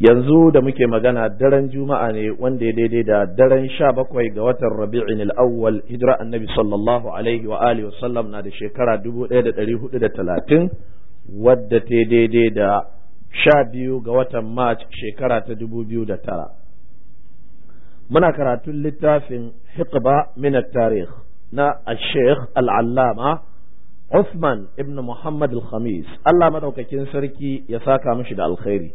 yanzu da muke magana daren juma'a ne wanda ya daidai da daren sha bakwai ga watan rabi'in al'awwal hijira annabi sallallahu alaihi wa alihi wasallam na da shekara dubu ɗaya da ɗari hudu da talatin wadda ta daidai da sha biyu ga watan march shekara ta dubu biyu da tara muna karatun littafin hiqba min tarikh na al al'allama Uthman ibn Muhammad al-Khamis Allah madaukakin sarki ya saka mishi da alkhairi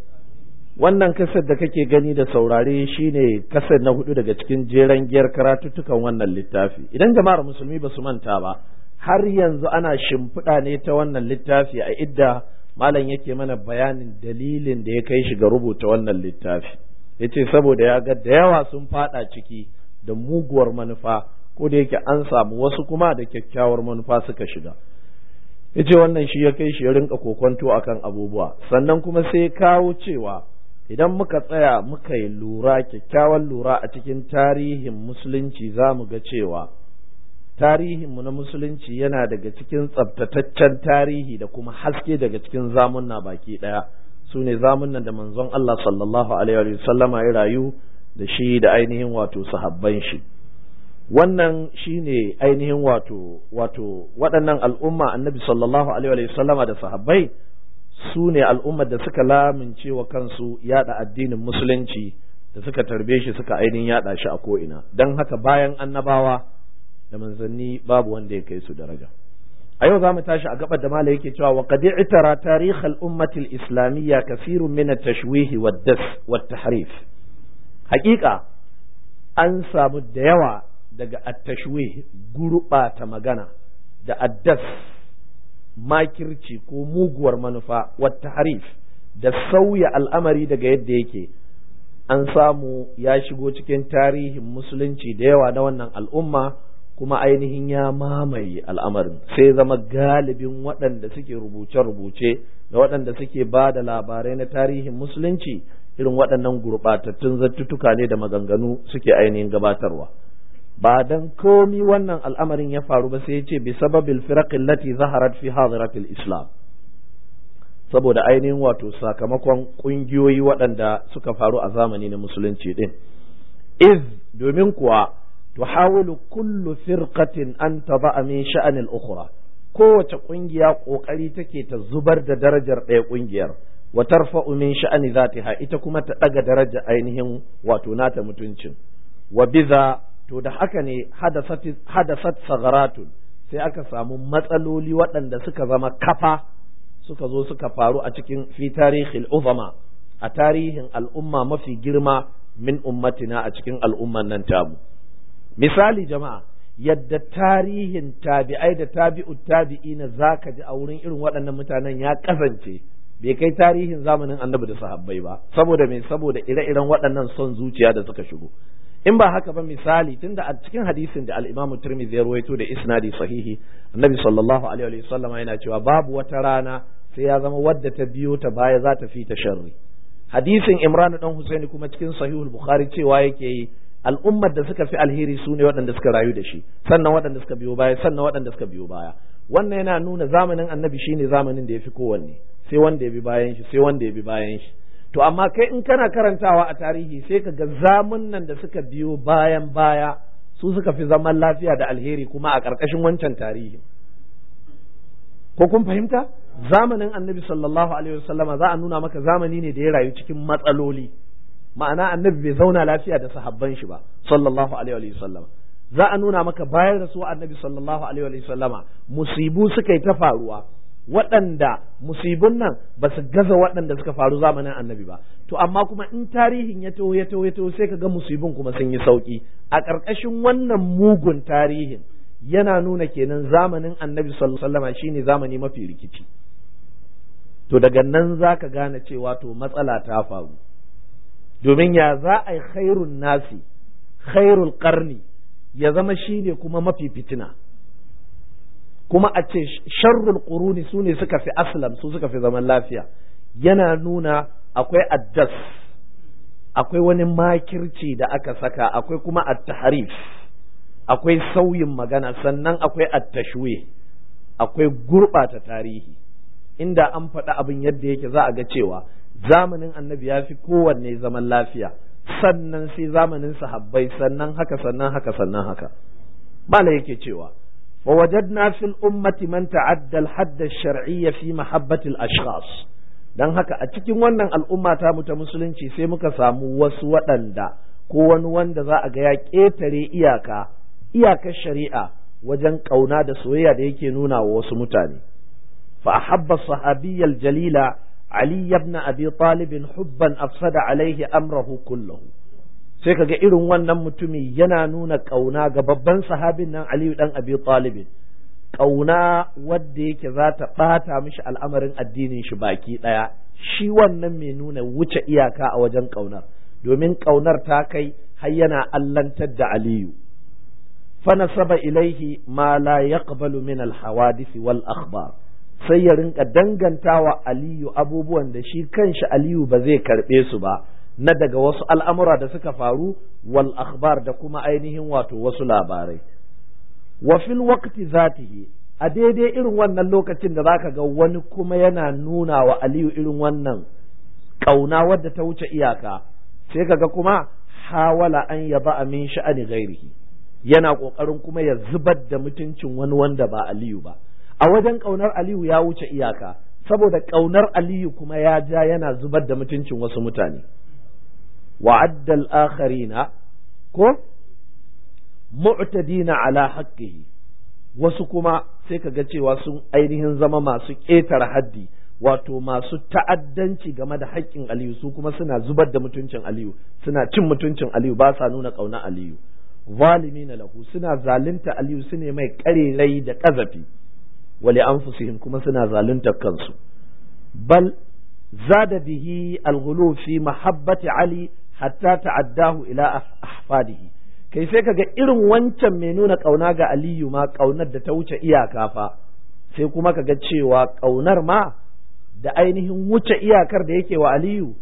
wannan kasar da kake gani da saurare shine kasar na hudu daga cikin jeren giyar karatuttukan wannan littafi idan jama'ar musulmi ba su manta ba har yanzu ana shimfiɗa ne ta wannan littafi a idda malam yake mana bayanin dalilin da ya kai shi ga rubuta wannan littafi Ya ce saboda ya ga da yawa sun faɗa ciki da muguwar manufa ko da yake an samu wasu kuma da kyakkyawar manufa suka shiga Ya ce wannan shi ya kai shi ya rinka kokonto akan abubuwa sannan kuma sai kawo cewa idan muka tsaya muka yi lura kyakkyawan lura a cikin tarihin musulunci za mu ga cewa tarihinmu na musulunci yana daga cikin tsabtataccen tarihi da kuma haske daga cikin zamunna baki ɗaya su ne zamunnan da manzon Allah sallallahu alaihi wa sallama ya rayu da shi da ainihin wato sahabban shi wannan shine ainihin wato wato waɗannan al'umma annabi sallallahu alaihi wa sallama da sahabbai su ne al'ummar da suka lamince wa kansu yada addinin musulunci da suka tarbe shi suka ainihin yada shi a ko'ina don haka bayan annabawa da manzanni babu wanda ya kai su daraja a yau za mu tashi a gabar da mala yake cewa wa qad i'tara tarikh al islamiyya kathirun min at-tashwih wa tahrif haqiqa an samu da yawa daga at-tashwih gurbata magana da addas makirci ko muguwar manufa wata harif da sauya al'amari daga yadda yake an samu ya shigo cikin tarihin musulunci da yawa na wannan al'umma kuma ainihin ya mamaye al'amarin sai zama galibin waɗanda suke rubuce-rubuce da waɗanda suke ba da labarai na tarihin musulunci irin waɗannan gurɓatattun zattutuka ne da maganganu suke ainihin gabatarwa. ba dan komi wannan al'amarin ya faru ba sai ya ce bi sababil firaqil lati zaharat fi hadiratil islam saboda ainihin wato sakamakon kungiyoyi waɗanda suka faru a zamani na musulunci din iz domin kuwa tuhawilu kullu firqatin an taba min sha'anil ukhra kowace kungiya kokari take ta zubar da darajar ɗaya kungiyar wa tarfa'u min sha'ani zatiha ita kuma ta daga daraja ainihin wato nata mutuncin wa biza to da haka ne hadasat sagaratun sai aka samu matsaloli waɗanda suka zama kafa suka zo suka faru a cikin fi tarihil uzama a tarihin al'umma mafi girma min ummatina a cikin al'umman nan tamu misali jama'a yadda tarihin tabi'ai da tabi'ut tabi'ina zaka ji a wurin irin waɗannan mutanen ya kasance bai kai tarihin zamanin annabi da sahabbai ba saboda me saboda ire-iren waɗannan son zuciya da suka shigo in ba haka ba misali tunda a cikin hadisin da al-Imam Tirmidhi ya rawaito da isnadi sahihi Annabi sallallahu alaihi wa sallam yana cewa babu wata rana sai ya zama wadda ta biyo ta baya za ta fi ta sharri hadisin Imran dan Husaini kuma cikin sahihul Bukhari cewa yake yi al'ummar da suka fi alheri su ne waɗanda suka rayu da shi sannan waɗanda suka biyo baya sannan waɗanda suka biyo baya wannan yana nuna zamanin annabi shine zamanin da ya fi kowanne sai wanda ya bi bayan shi sai wanda ya bi bayan shi to amma kai in kana karantawa a tarihi sai ka ga zaman nan da suka biyo bayan baya su suka fi zaman lafiya da alheri kuma a ƙarƙashin wancan tarihi ko kun fahimta zamanin annabi sallallahu alaihi wasallama za a nuna maka zamani ne da ya rayu cikin matsaloli ma'ana annabi bai zauna lafiya da sahabban shi ba sallallahu alaihi wasallama za a nuna maka bayan rasuwa annabi sallallahu alaihi wasallama musibu suka yi ta faruwa waɗanda musibin nan ba su gaza waɗanda suka faru zamanin annabi ba to amma kuma in tarihin ya taho ya taho ya taho sai ka ga musibin kuma sun yi sauki a ƙarƙashin wannan mugun tarihin yana nuna kenan zamanin annabi sallallahu alaihi wasallam shine zamani mafi rikici to daga nan za ka gane cewa to matsala ta faru domin ya za a yi khairun nasi khairul karni ya zama shine kuma mafi fitina kuma a ce sharrul quruni su ne suka fi aslam su suka fi zaman lafiya yana nuna akwai addas akwai wani makirci da aka saka akwai kuma at-tahrif akwai sauyin magana sannan akwai at tashwi akwai gurbata tarihi inda an faɗa abin yadda yake za a ga cewa zamanin annabi ya fi kowanne zaman lafiya sannan sai zamanin sahabbai sannan haka sannan haka sannan haka bala yake cewa ووجدنا في الأمة من تعدى الحد الشرعي في محبة الأشخاص dan haka a cikin wannan al'umma ta mu ta musulunci sai muka samu wasu waɗanda ko wani wanda za a ga ya ƙetare iyaka iyakar shari'a wajen ƙauna da soyayya da yake nuna wa wasu mutane fa habba sahabiyyal jalila ali ibn abi talib hubban afsada alaihi amrahu kullahu sai ga irin wannan mutumi yana nuna ƙauna ga babban sahabin nan Aliyu dan Abi Talib ƙauna wadda yake za ta ɓata mishi al'amarin addinin shi baki ɗaya shi wannan mai nuna wuce iyaka a wajen ƙaunar domin ƙaunar ta kai har yana allantar da Aliyu fanasaba ilaihi ma la yaqbalu min al hawadisi wal akhbar sai ya rinka dangantawa Aliyu abubuwan da shi kanshi Aliyu ba zai karɓe su ba na daga wasu al'amura da suka faru wal akhbar da kuma ainihin wato wasu labarai wa fil waqti yi, a daidai irin wannan lokacin da za ka ga wani kuma yana nuna wa aliyu irin wannan ƙauna wadda ta wuce iyaka sai kaga kuma hawala an yaba min sha'ani gairihi yana ƙoƙarin kuma ya zubar da mutuncin wani wanda ba aliyu ba a wajen ƙaunar aliyu ya wuce iyaka saboda ƙaunar aliyu kuma ya ja yana zubar da mutuncin wasu mutane wa addal akharina ko mu'tadina ala haqqihi wasu kuma sai ka ga cewa sun ainihin zama masu ƙetare haddi wato masu ta'addanci game da haƙƙin Aliyu su kuma suna zubar da mutuncin Aliyu suna cin mutuncin Aliyu ba sa nuna ƙauna Aliyu zalimi na lahu suna zalunta Aliyu su ne mai ƙarirai da ƙazafi wali anfusihim kuma suna zalunta kansu bal zada bihi alghulu mahabbati Ali hatta ta'addahu ila ahfadihi kai sai kaga irin wancan mai nuna kauna ga Aliyu ma kaunar da ta wuce iyaka fa sai kuma kaga cewa kaunar ma da ainihin wuce iyakar da yake wa Aliyu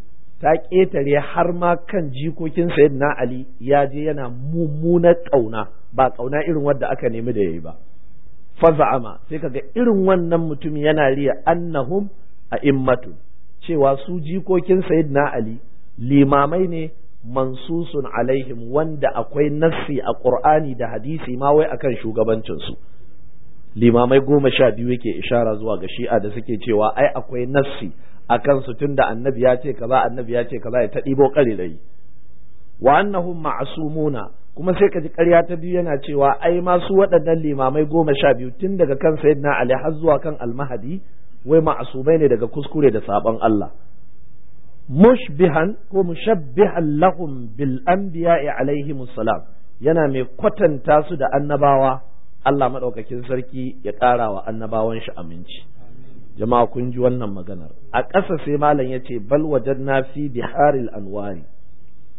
ta ƙetare har ma kan jikokin sayyidina Ali ya je yana mummuna kauna ba kauna irin wadda aka nemi da yayi ba Fa za'ama sai kaga irin wannan mutumin yana riya annahum a immatu cewa su jikokin sayyidina Ali limamai ne mansusun alaihim wanda akwai nassi a ƙur'ani da hadisi ma wai akan shugabancinsu limamai goma sha biyu yake ishara zuwa ga shi'a da suke cewa ai akwai nassi a kansu tunda annabi ya ce kaza annabi ya ce kaza ya ta ɗibo ƙarirai wa annahum ma'asumuna kuma sai kaji ji ƙarya ta biyu yana cewa ai ma su waɗannan limamai goma sha biyu tun daga kan sayyidina ali har zuwa kan almahadi wai ma'asumai ne daga kuskure da sabon Allah mushbihan ko mushabbihan lahum bil anbiya'i alaihi salam yana mai kwatanta su da annabawa Allah madaukakin sarki ya ƙara wa annabawan shi aminci jama'a kun ji wannan maganar a ƙasa sai malam ya ce bal wajadna fi biharil anwari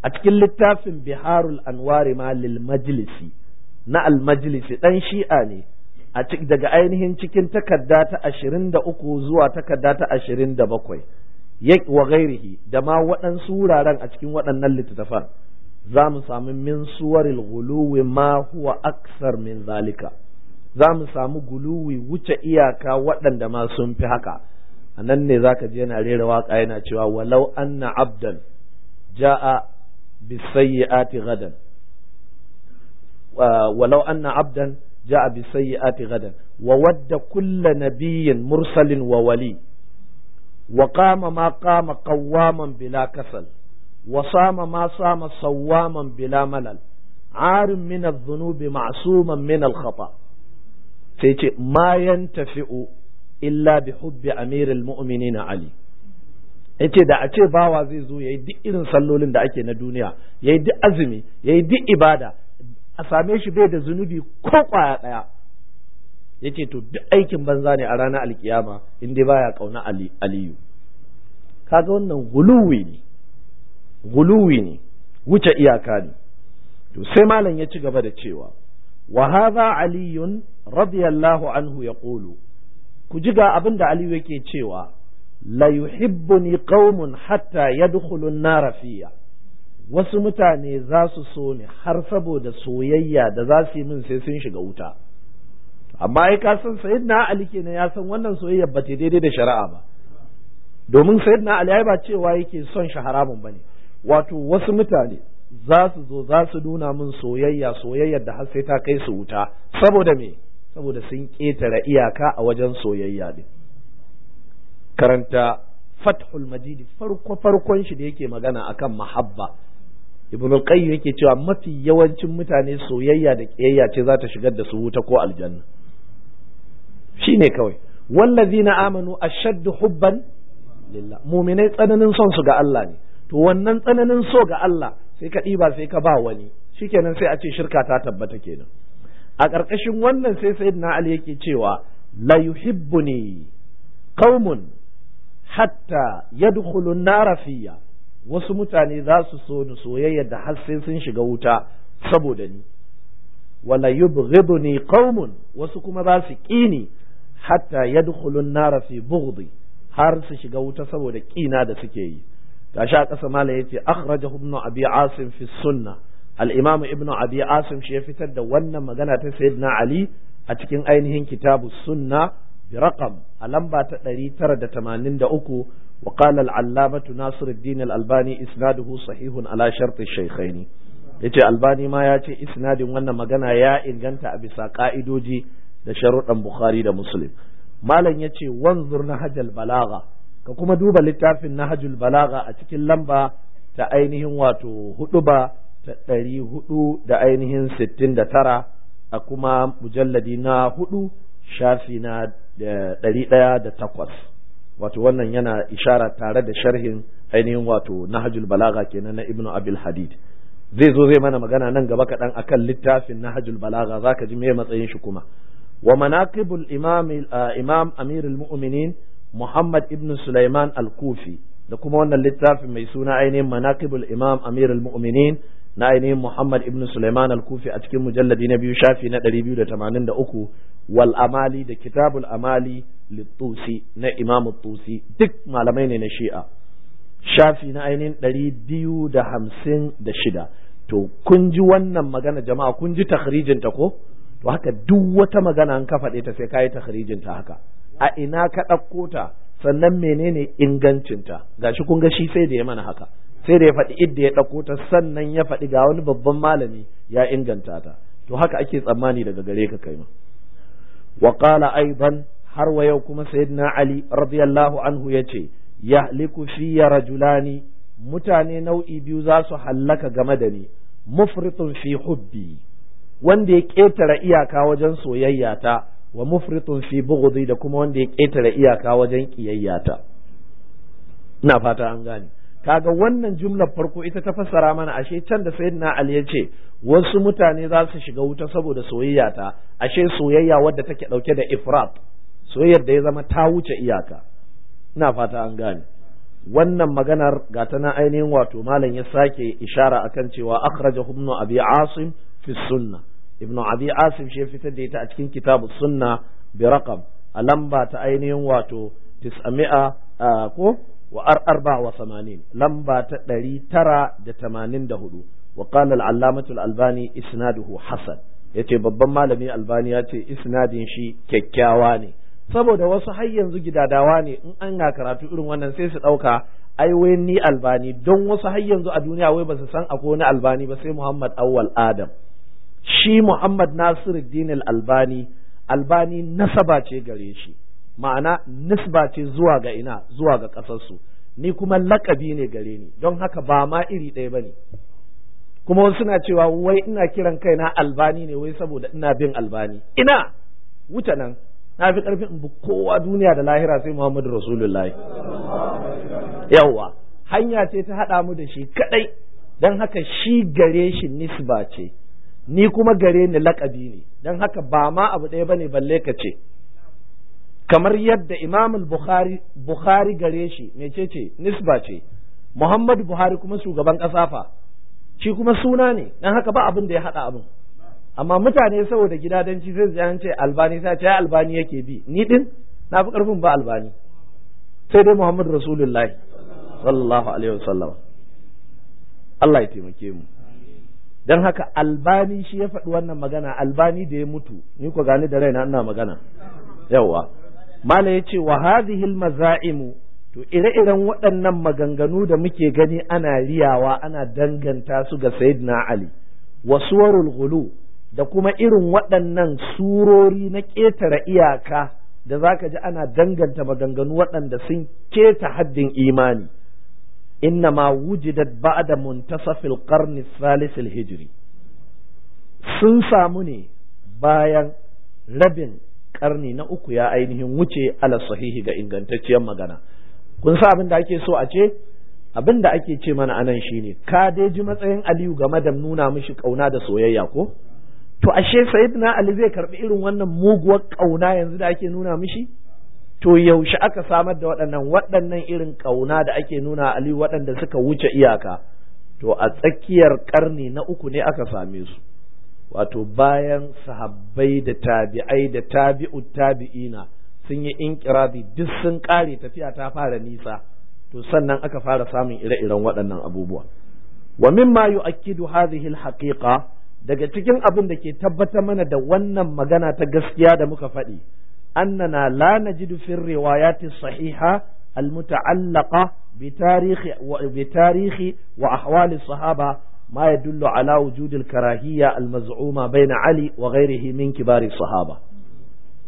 a cikin littafin biharul anwari ma lil majlisi na al majlisi dan shi'a ne a daga ainihin cikin takarda ta 23 zuwa takarda ta 27 wa ghairihi da ma waɗansu wuraren a cikin waɗannan littattafan za mu sami min suwaril guluwi ma huwa aksar min zalika za mu samu guluwi wuce iyaka waɗanda ma sun fi haka a nan ne za ka je yana rera waƙa yana cewa walau anna abdan ja'a bisayyi'ati gadan walau anna abdan ja'a bisayyi'ati gadan wa wadda kulla nabiyyin mursalin wa wali wa qama ma qama qawwaman bila kasal wa sama ma sama sawwaman bila malal arim min zunubi dhunubi ma'suman minar al-khata sai ce illa bi hubbi amiril mu'minina ali yace da a ce bawa zai zo yayi duk irin sallolin da ake na duniya yayi duk azumi yayi duk ibada a same shi bai da zunubi ko kwaya daya yace to duk aikin banza ne a ranar alkiyama in dai baya kauna aliyu kaga wannan guluwi ne guluwi ne wuce iyaka ne to sai malam ya ci gaba da cewa wa hadha aliyun radiyallahu anhu yaqulu ku ji ga abin da aliyu yake cewa la yuhibbuni qaumun hatta yadkhulu an-nar fiya wasu mutane za su so ni har saboda soyayya da za su yi min sai sun shiga wuta amma ai ka san sayyidina ali kenan ya san wannan soyayya ba ta daidai da shari'a ba domin sayyidina ali ai ba cewa yake son shi haramun bane wato wasu mutane za su zo za su nuna min soyayya soyayyar da har sai ta kai su wuta saboda me saboda sun ƙetare iyaka a wajen soyayya din karanta fathul majidi farko farkon shi da yake magana akan mahabba ibn qayyim yake cewa mafi yawancin mutane soyayya da kiyayya ce za ta shigar da su wuta ko aljanna Shi ne kawai wallazi na amanu a ashaddu hubban lillah mu'minai tsananin son su ga Allah ne to wannan tsananin so ga Allah sai ka ɗiba sai ka ba wani shikenan sai a ce shirka ta tabbata kenan a ƙarƙashin wannan sai sayyidina Ali yake cewa la yuhibbuni qaumun hatta yadkhulu an nar fiyya wasu mutane za su so ni soyayya da har sai sun shiga wuta saboda ni wala yubghiduni qaumun wasu kuma za su ƙini hatta yadkhulun nara fi bugdi har su shiga wuta saboda kina da suke yi gashi a ƙasa ya yace akhrajahu ibn abi asim fi sunna al-imam ibn abi asim shi ya fitar da wannan magana ta sayyidina ali a cikin ainihin kitabu sunna bi raqam a lamba ta 983 wa qala al-allamatu nasiruddin al-albani isnaduhu sahihun ala sharti shaykhaini yace albani ma ya ce isnadin wannan magana ya inganta a bisa ka'idoji da sharuɗan bukhari da muslim malam ya ce wanzur nahajal balaga ka kuma duba littafin nahajul balaga a cikin lamba ta ainihin wato hudu ba ta ɗari hudu da ainihin sittin da tara a kuma mujalladi na hudu shafi na eh, ɗari ɗaya da takwas wato wannan yana ishara tare da sharhin ainihin wato nahajul balaga kenan na ibnu abil hadid zai zo zai mana magana nan gaba kaɗan akan littafin nahajul balaga zaka ji me matsayin shi kuma wa manaqibul imam eh, imam amirul mu'minin Muhammad ibn Sulaiman al-Kufi da kuma wannan littafin mai suna ainihin manakibul imam amirul mu'minin na ainihin Muhammad ibn Sulaiman al-Kufi a cikin mujalladi na biyu shafi na 283 wal amali da kitabul amali littusi na Imam Tusi duk malamai ne na Shi'a shafi na ainihin shida to kun ji wannan magana jama'a kun ji takrijinta ko to haka duk wata magana an ka faɗe ta sai ka yi tahrijin ta haka a ina ka ɗauko ta sannan menene ingancinta gashi kun ga shi sai da ya mana haka sai da ya faɗi idda ya ɗauko ta sannan ya faɗi ga wani babban malami ya inganta ta to haka ake tsammani daga gare ka kai ma wa qala aidan har wa yau kuma sayyidina ali radiyallahu anhu yace yahliku fi rajulani mutane nau'i biyu za su hallaka game da ni mufritun fi hubbi wanda ya ƙetare iyaka wajen soyayya ta wa mufritun fi bughdi da kuma wanda ya ƙetare iyaka wajen kiyayya ta ina fata an gane kaga wannan jumlar farko ita ta fassara mana ashe can da sayyidina ali ya ce wasu mutane za su shiga wuta saboda soyayya ta ashe soyayya wadda take dauke da ifrat soyayyar da ya zama ta wuce iyaka ina fata an gane wannan maganar ga ta na ainihin wato malam ya sake ishara akan cewa akhrajahu ibn abi asim fi sunna ibnu abi asim shi fitar da ita a cikin kitabu sunna bi raqam a lamba ta ainihin wato 900 ko wa arba wa 80 lamba ta hudu wa qala al-allamatu al-albani isnaduhu hasan yace babban malami albani ya ce isnadin shi kyakkyawa ne saboda wasu har yanzu gidadawa ne in an ga karatu irin wannan sai su ɗauka ai wai ni albani don wasu har yanzu a duniya wai ba su san akwai wani albani ba sai muhammad awwal adam shi Muhammad Nasiruddin al-Albani Albani nasaba ce gare shi ma'ana nisba ce zuwa ga ina zuwa ga ƙasarsu ni kuma lakabi ne gare ni don haka ba ma iri ɗaya ba ne. kuma wasu na cewa wai ina kiran kaina albani ne wai saboda ina bin albani ina wuce nan na fi ƙarfin in bi kowa duniya da lahira sai Muhammadu Rasulullahi yawwa hanya ce ta haɗa mu da shi kaɗai don haka shi gare shi nisba ce ni kuma gare ni laƙabi ne don haka ba ma abu ɗaya bane balle ka ce kamar yadda imamul bukhari bukhari gare shi mai ce nisba ce muhammadu buhari kuma shugaban ƙasa fa shi kuma suna ne don haka ba abin da ya haɗa abin amma mutane saboda gida don ci sai ce albani sai ce albani yake bi ni din na fi ƙarfin ba albani sai dai muhammadu rasulullahi sallallahu alaihi wasallam Allah ya taimake mu don haka albani shi ya faɗi wannan magana albani da ya mutu ni ku gani da raina ina magana yawa mala ya ce wa hadhihi almaza'imu to ire-iren waɗannan maganganu da muke gani ana riyawa ana danganta su ga sayyidina ali wa suwarul ghulu da kuma irin waɗannan surori na ƙetare iyaka da zaka ji ana danganta maganganu waɗanda sun keta haddin imani innama wujidat ba'da muntasafil karni thalith hijri sun samu ne bayan rabin karni na uku ya ainihin wuce ala sahihi ga ingantacciyar magana kun sa abin da ake so a ce abin da ake ce mana anan shine ka dai ji matsayin aliyu game da nuna mishi kauna da soyayya ko to ashe sayyidina ali zai karbi irin wannan muguwar kauna yanzu da ake nuna mishi to yaushe aka samar da waɗannan waɗannan irin ƙauna da ake nuna Ali waɗanda suka wuce iyaka to a tsakiyar ƙarni na uku ne aka same su wato bayan sahabbai da tabi'ai da tabi'u tabi'ina sun yi inkirabi duk sun ƙare tafiya ta fara nisa to sannan aka fara samun ire-iren waɗannan abubuwa wa min mimma yu'akkidu hadhihi al-haqiqa daga cikin abin da ke tabbatar mana da wannan magana ta gaskiya da muka faɗi أننا لا نجد في الروايات الصحيحة المتعلقة بتاريخ بتاريخ وأحوال الصحابة ما يدل على وجود الكراهية المزعومة بين علي وغيره من كبار الصحابة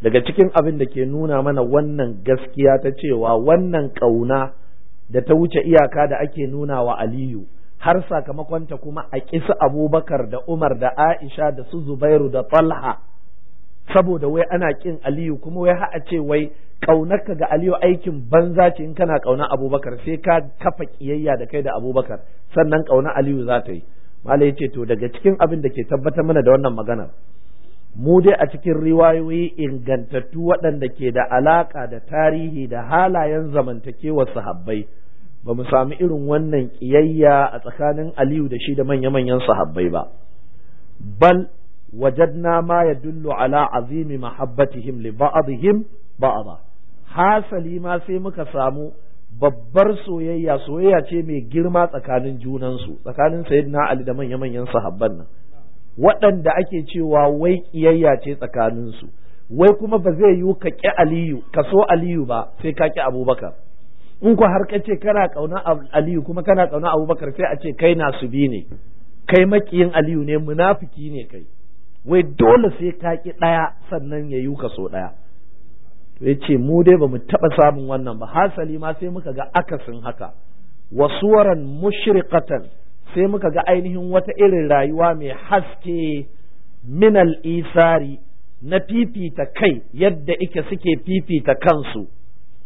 daga cikin abin da ke nuna mana wannan gaskiya ta cewa wannan ƙauna da ta wuce iyaka da ake nuna wa aliyu har sakamakonta kuma a kisa abubakar da umar da aisha da su zubairu da talha saboda wai ana kin aliyu kuma wai ha'a ce wai kaunarka ga aliyu aikin banza ce in kana kauna abubakar sai ka kafa kiyayya da kai da abubakar sannan ƙauna aliyu za ta yi mala ya ce to daga cikin abin da ke tabbatar mana da wannan magana mu dai a cikin riwayoyi ingantattu waɗanda ke da alaƙa da tarihi da halayen zamantakewar sahabbai ba mu sami irin wannan ƙiyayya a tsakanin aliyu da shi da manya-manyan sahabbai ba bal وجدنا ما يدل على azimi mahabbatihim li بعضا ba'da hasali ma sai muka samu babbar soyayya soyayya ce mai girma tsakanin junansu tsakanin sayyidina ali da manya-manyan sahabban nan waɗanda ake cewa wai kiyayya ce tsakaninsu wai kuma ba zai yiwu ka ƙi aliyu ka so aliyu ba sai ka ƙi abubakar in ku har ka ce kana ƙauna aliyu kuma kana ƙauna abubakar sai a ce kai na su bi ne kai maƙiyin aliyu ne munafiki ne kai wai dole sai ka ki ɗaya sannan ya yi so ɗaya ya ce mu dai ba mu taɓa samun wannan ba hasali ma sai muka ga akasin haka wasuwaran mushriqatan sai muka ga ainihin wata irin rayuwa mai haske minal isari na fifita kai yadda ike suke fifita kansu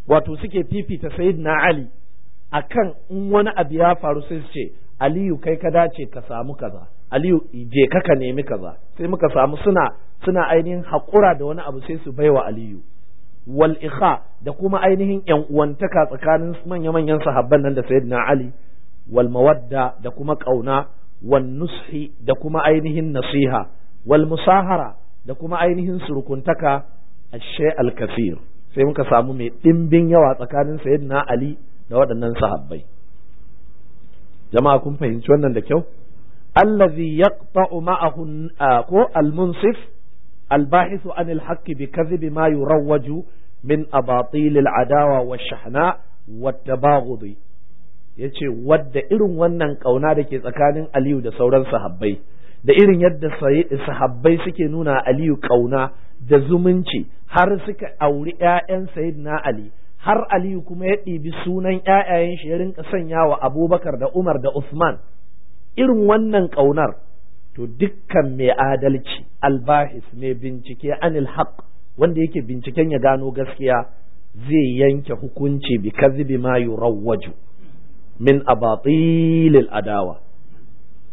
wato suke fifita sayyidina ali akan in wani abu ya faru sai su ce aliyu kai ka dace ka samu kaza aliyu je ka ka nemi kaza sai muka samu suna suna ainihin haƙura da wani abu sai su baiwa aliyu wal ikha da kuma ainihin yan uwantaka tsakanin manya-manyan sahabban nan da sayyidina ali wal mawadda da kuma kauna wal nushi da kuma ainihin nasiha wal musahara da kuma ainihin surukuntaka ashe al kafir sai muka samu mai dimbin yawa tsakanin sayyidina ali da waɗannan sahabbai jama'a kun fahimci wannan da kyau allazi yaqta'u ma'ahu ko al-munsif الباحث عن الحق بكذب ما يروج من أباطيل العداوة والشحناء والتباغض yace wadda irin wannan kauna da ke tsakanin Aliyu da sauran sahabbai da irin yadda sahabbai suke nuna Aliyu kauna da zumunci har suka auri ƴaƴan Sayyidina Ali har Aliyu kuma ya ɗibi sunan ƴaƴayen shi ya rinka sanya wa Abubakar da Umar da Usman irin wannan ƙaunar to dukkan mai adalci albahis mai bincike anil haq wanda yake binciken ya gano gaskiya zai yanke hukunci bi kazibi ma yurawwaju min abatilil adawa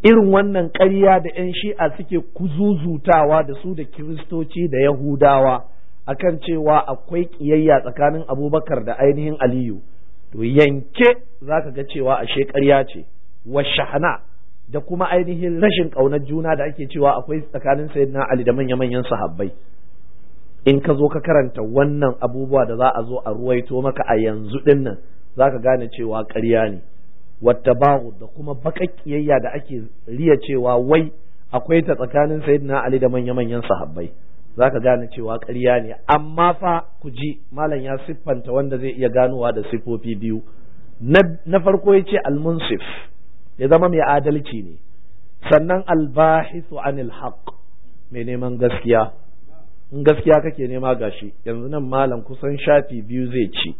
irin wannan ƙarya da 'yan shi'a suke kuzuzutawa da su da kiristoci da yahudawa akan cewa akwai ƙiyayya tsakanin abubakar da ainihin aliyu to yanke za ka ga cewa ashe ƙarya ce wa shahana da kuma ainihin rashin ƙaunar juna da ake cewa akwai tsakanin sayyidina Ali da manya-manyan sahabbai in ka zo ka karanta wannan abubuwa da za a zo a ruwaito maka a yanzu dinnan, nan za ka gane cewa ƙarya ne wata da kuma baƙaƙƙiyayya da ake riya cewa wai akwai ta tsakanin sayyidina Ali da manya-manyan sahabbai za ka gane cewa ƙarya ne amma fa ku ji malam ya siffanta wanda zai iya ganowa da sifofi biyu na farko ya ce almunsif ya zama mai adalci ne sannan albahisu anil haq mai neman gaskiya in gaskiya kake nema gashi yanzu nan malam kusan shafi biyu zai ci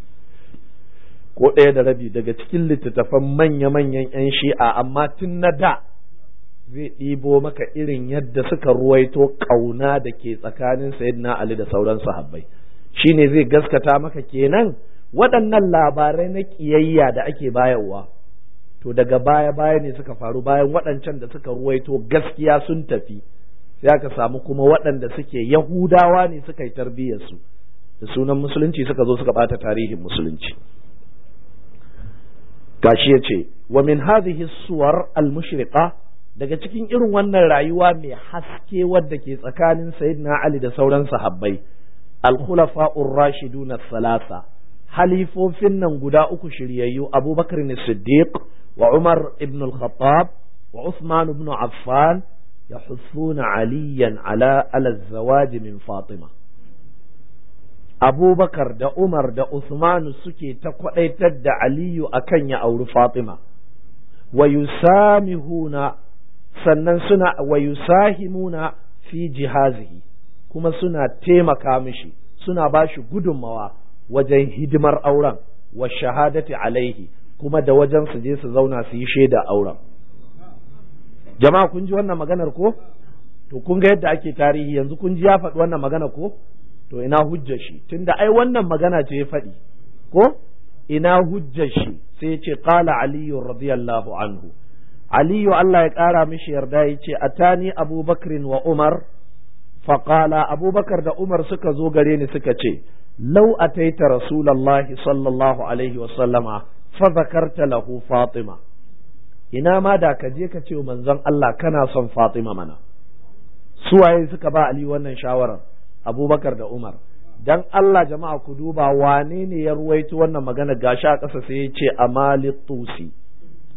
ko ɗaya da rabi daga cikin littattafan manya-manyan 'yan shi'a amma tun na da zai ɗibo maka irin yadda suka ruwaito ƙauna da ke tsakanin sayyidina Ali da sauran sahabbai shine zai gaskata maka kenan waɗannan labarai na ƙiyayya da ake bayarwa to daga baya baya ne suka faru bayan waɗancan da suka ruwaito gaskiya sun tafi sai aka samu kuma waɗanda suke yahudawa ne suka yi tarbiyyarsu da sunan musulunci suka zo suka bata tarihin musulunci gashi yace wa min hadhihi suwar al-mushriqa daga cikin irin wannan rayuwa mai haske wadda ke tsakanin sayyidina ali da sauran sahabbai al-khulafa ar-rashiduna salasa halifofin nan guda uku shiryayyu abubakar ne siddiq وعمر ابن الخطاب وعثمان بن عفان يحثون عليا على على الزواج من فاطمة أبو بكر دا عمر دا عثمان سكي تقويت دا علي أكن يأور فاطمة ويسامحون sannan suna wa yusahimuna fi jihazihi kuma suna taimaka mishi suna bashi shi gudunmawa wajen hidimar auren wa shahadati alaihi kuma da wajen su je su zauna su yi shaida auren jama'a kun ji wannan maganar ko to kun ga yadda ake tarihi yanzu kun ji ya faɗi wannan magana ko to ina hujja shi tunda ai wannan magana ce ya faɗi ko ina hujja shi sai ce qala aliyu radiyallahu anhu aliyu Allah ya ƙara mishi yarda ya ce atani Abubakar wa umar faƙala abubakar da umar suka zo gare ni suka ce lau ataita rasulallahi sallallahu alaihi wasallama fa zakarta lahu fatima ina ma da ka je ka ce manzon Allah kana son fatima mana Su waye suka ba ali wannan shawarar abubakar da umar dan Allah jama'a ku duba wane ne ya ruwaito wannan magana gashi a ƙasa sai ya ce amali tusi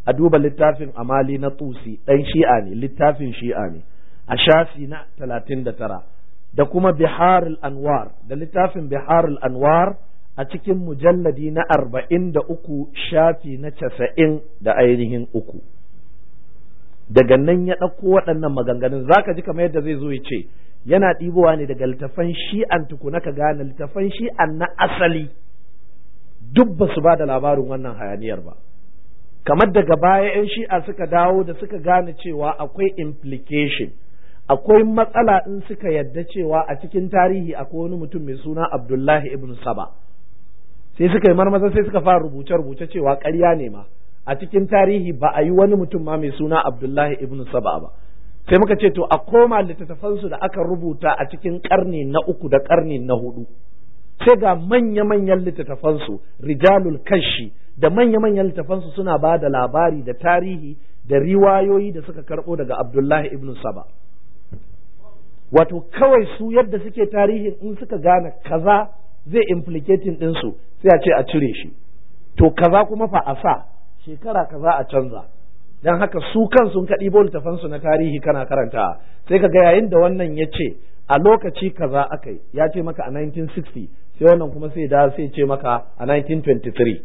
a duba littafin amali na tusi ɗan shi'a ne littafin shi'a ne a shafi na talatin da tara da kuma biharul anwar da littafin biharul anwar a cikin mujalladi na arba'in da uku shafi na casa'in da ainihin uku daga nan ya ɗauko waɗannan maganganun za ka ji kamar yadda zai zo ya ce yana ɗibowa ne daga littafan shi'an tukuna ka gane littafan shi'an na asali duk ba su ba da labarin wannan hayaniyar ba kamar daga baya 'yan shi'a suka dawo da suka gane cewa akwai implication akwai matsala in suka yadda cewa a cikin tarihi akwai wani mutum mai suna abdullahi ibn saba sai suka yi marmaza sai suka fara rubuce-rubuce cewa ƙarya ne ma a cikin tarihi ba a yi wani mutum ma mai suna Abdullahi ibn Saba ba sai muka ce to a koma littattafansu da aka rubuta a cikin karni na uku da karni na hudu sai ga manya-manyan littattafansu rijalul kashi da manya-manyan littattafansu suna ba da labari da tarihi da riwayoyi da suka karɓo daga Abdullahi ibn Saba wato kawai su yadda suke tarihin in suka gane kaza zai implicating su sai a ce a cire shi to kaza kuma fa a sa shekara kaza a canza dan haka su sun kaɗi ɗibo su na tarihi kana karanta sai ka ga yayin da wannan ya ce a lokaci kaza aka yi ya ce maka a 1960 sai wannan kuma sai da sai ce maka a 1923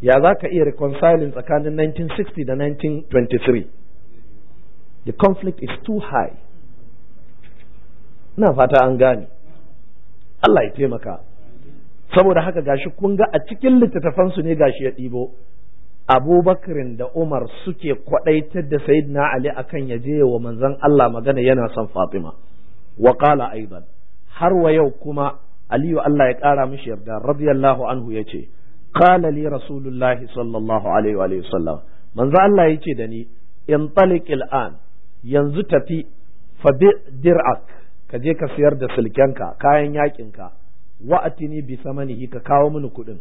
ya za ka iya reconciling tsakanin 1960 da 1923 the conflict is too high ina fata an gane Allah ya taimaka saboda haka gashi kun ga a cikin littattafan su ne gashi ya ɗibo abubakarin da umar suke kwaɗaitar da sayyidina ali akan ya je wa manzon Allah magana yana son fatima wa qala aidan har wa yau kuma aliyu Allah ya ƙara mishi yarda radiyallahu anhu ya ce qala li rasulullahi sallallahu alaihi wa sallam manzo Allah ya ce da ni in taliqil an yanzu tafi fa dir'ak ka je ka sayar da silkenka kayan yakinka wa atini bi samanihi ka kawo mini kuɗin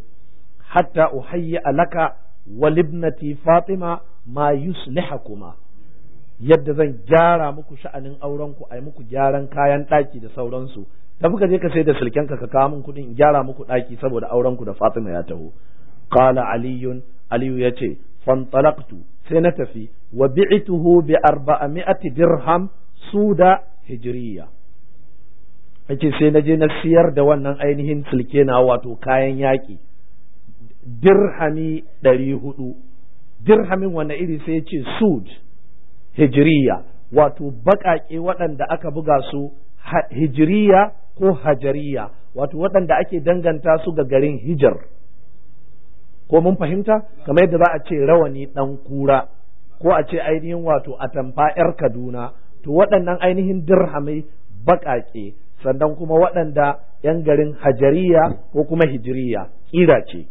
hatta uhayya alaka wa libnati fatima ma yuslihakuma yadda zan gyara muku sha'anin auren ku ai muku gyaran kayan ɗaki da sauransu tafi ka je ka sai da silkenka ka kawo min kuɗin in gyara muku ɗaki saboda auren ku da fatima ya taho qala aliyun aliyu yace fantalaqtu sai na tafi wa bi'tuhu bi arba'ami'ati dirham suda hijriya yace sai na je na siyar da wannan ainihin silke na wato kayan yaƙi dirhami ɗari hudu dirhamin wani iri sai ce sud hijiriya wato baƙaƙe waɗanda aka buga su hijiriya ko hajariya wato waɗanda ake danganta su ga garin hijar ko mun fahimta kamar yadda za a ce rawani ɗan kura ko a ce ainihin wato atamfa 'yar kaduna to waɗannan ainihin dirhami baƙaƙe sannan kuma waɗanda ‘yan garin hajariya ko kuma hijiriya ƙira ce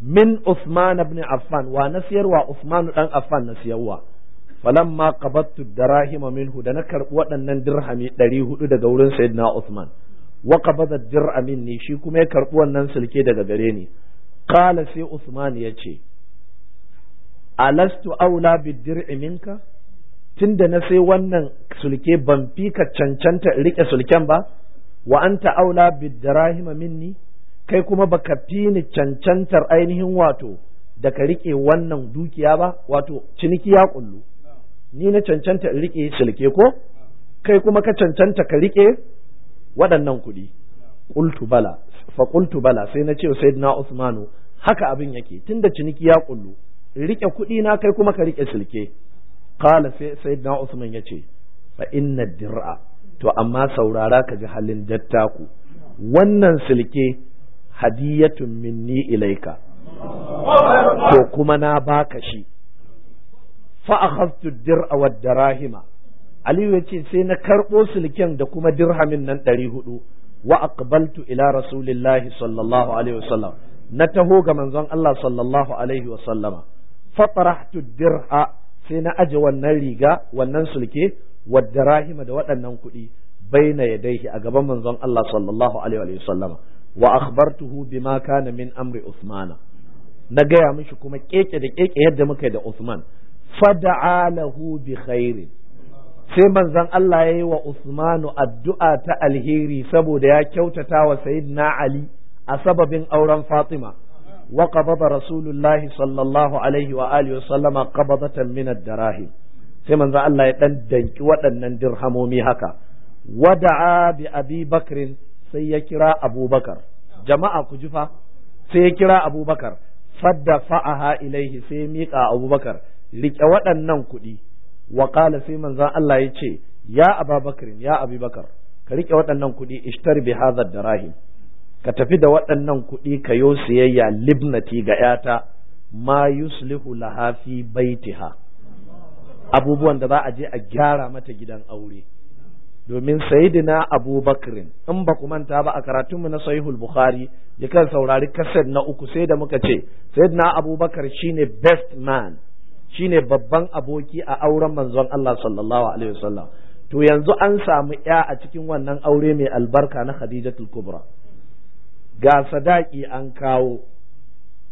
min Usman ibn Affan wa na siyarwa Usman ɗan Affan na siyarwa falamma qabattu darahima minhu da na karɓi waɗannan dirhami ɗari hudu daga wurin sayyidina Usman wa qabada dir'a ne, shi kuma ya karɓi wannan sulke daga gare ni kala sai Usman ya ce alastu aula bid dir'i minka tun da na sai wannan sulke ban fi ka cancanta in riƙe sulken ba wa anta aula bidrahima minni kai kuma baka fi ni cancantar ainihin wato da ka riƙe wannan dukiya ba wato ciniki ya kullu ni na cancanta in riƙe sulke ko kai kuma ka cancanta ka riƙe waɗannan kuɗi qultu bala fa qultu bala sai na ce wa sayyidina usmanu haka abin yake tunda ciniki ya kullu riƙe kuɗi na kai kuma ka riƙe sulke qala sayyidina usman yace fa inna dir'a to amma saurara ka ji halin dattaku wannan silke hadiyatun minni ilaika to kuma na baka shi fa akhadtu dir'a wad darahima aliyu yace sai na karɓo silken da kuma dirhamin nan 400 wa aqbaltu ila rasulillahi sallallahu alaihi wasallam na taho ga manzon Allah sallallahu alaihi wasallama fa dir'a sai na aje wannan riga wannan sulke wadda rahima da waɗannan kuɗi baina yadaihi a gaban manzon Allah sallallahu alaihi wa sallama wa akhbartuhu bima kana min amri Usmana na gaya mishi kuma keke da keke yadda muka da Usman fada'a lahu bi khairin sai manzon Allah ya yi wa Usmanu addu'a ta alheri saboda ya kyautata wa Sayyidina Ali a sababin auren Fatima وقبض رسول الله صلى الله عليه وآله وسلم قبضة من الدراهم sai manzo Allah ya dan danki waɗannan dirhamomi haka wada'a bi abi bakrin sai ya kira abubakar jama'a ku jufa sai ya kira abubakar fadda fa'aha ilaihi sai ya miƙa abubakar riƙe waɗannan kuɗi wa sai manzo Allah ya ce ya ababakrin ya abubakar ka riƙe waɗannan kuɗi ishtar bi hadha darahim ka tafi da waɗannan kuɗi ka yo siyayya libnati ga yata ma yuslihu laha baitiha abubuwan da za a je a gyara mata gidan aure domin sayidina abubakrin in ba ku manta ba a karatunmu na sahihul bukhari ya kan saurari kaset na uku sai da muka ce sayidina abubakar shine best man shine babban aboki a auren manzon Allah sallallahu alaihi wasallam to yanzu an samu ya a cikin wannan aure mai albarka na khadijatul kubra ga sadaki an kawo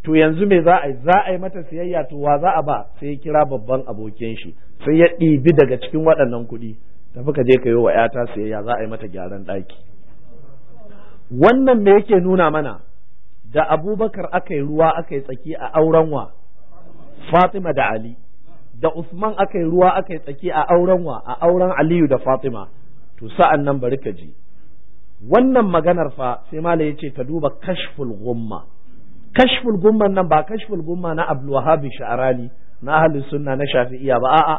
to yanzu me za a yi za a yi mata siyayya to wa za a ba sai ya kira babban abokin shi sai ya ɗibi daga cikin waɗannan kuɗi tafi ka je ka yi wa ‘yata siyayya za a yi mata gyaran ɗaki wannan me yake nuna mana da abubakar aka yi ruwa aka yi tsaki a auren wa fatima da ali da usman aka yi ruwa aka yi tsaki a auren wa a auren aliyu da fatima to sa'an nan bari ka ji wannan maganar fa sai mala ya ce ka duba kashful gumma kashful gumman nan ba kashful gumma na abdulwahabi sha'arani na ahlus sunna na shafi'iya ba a'a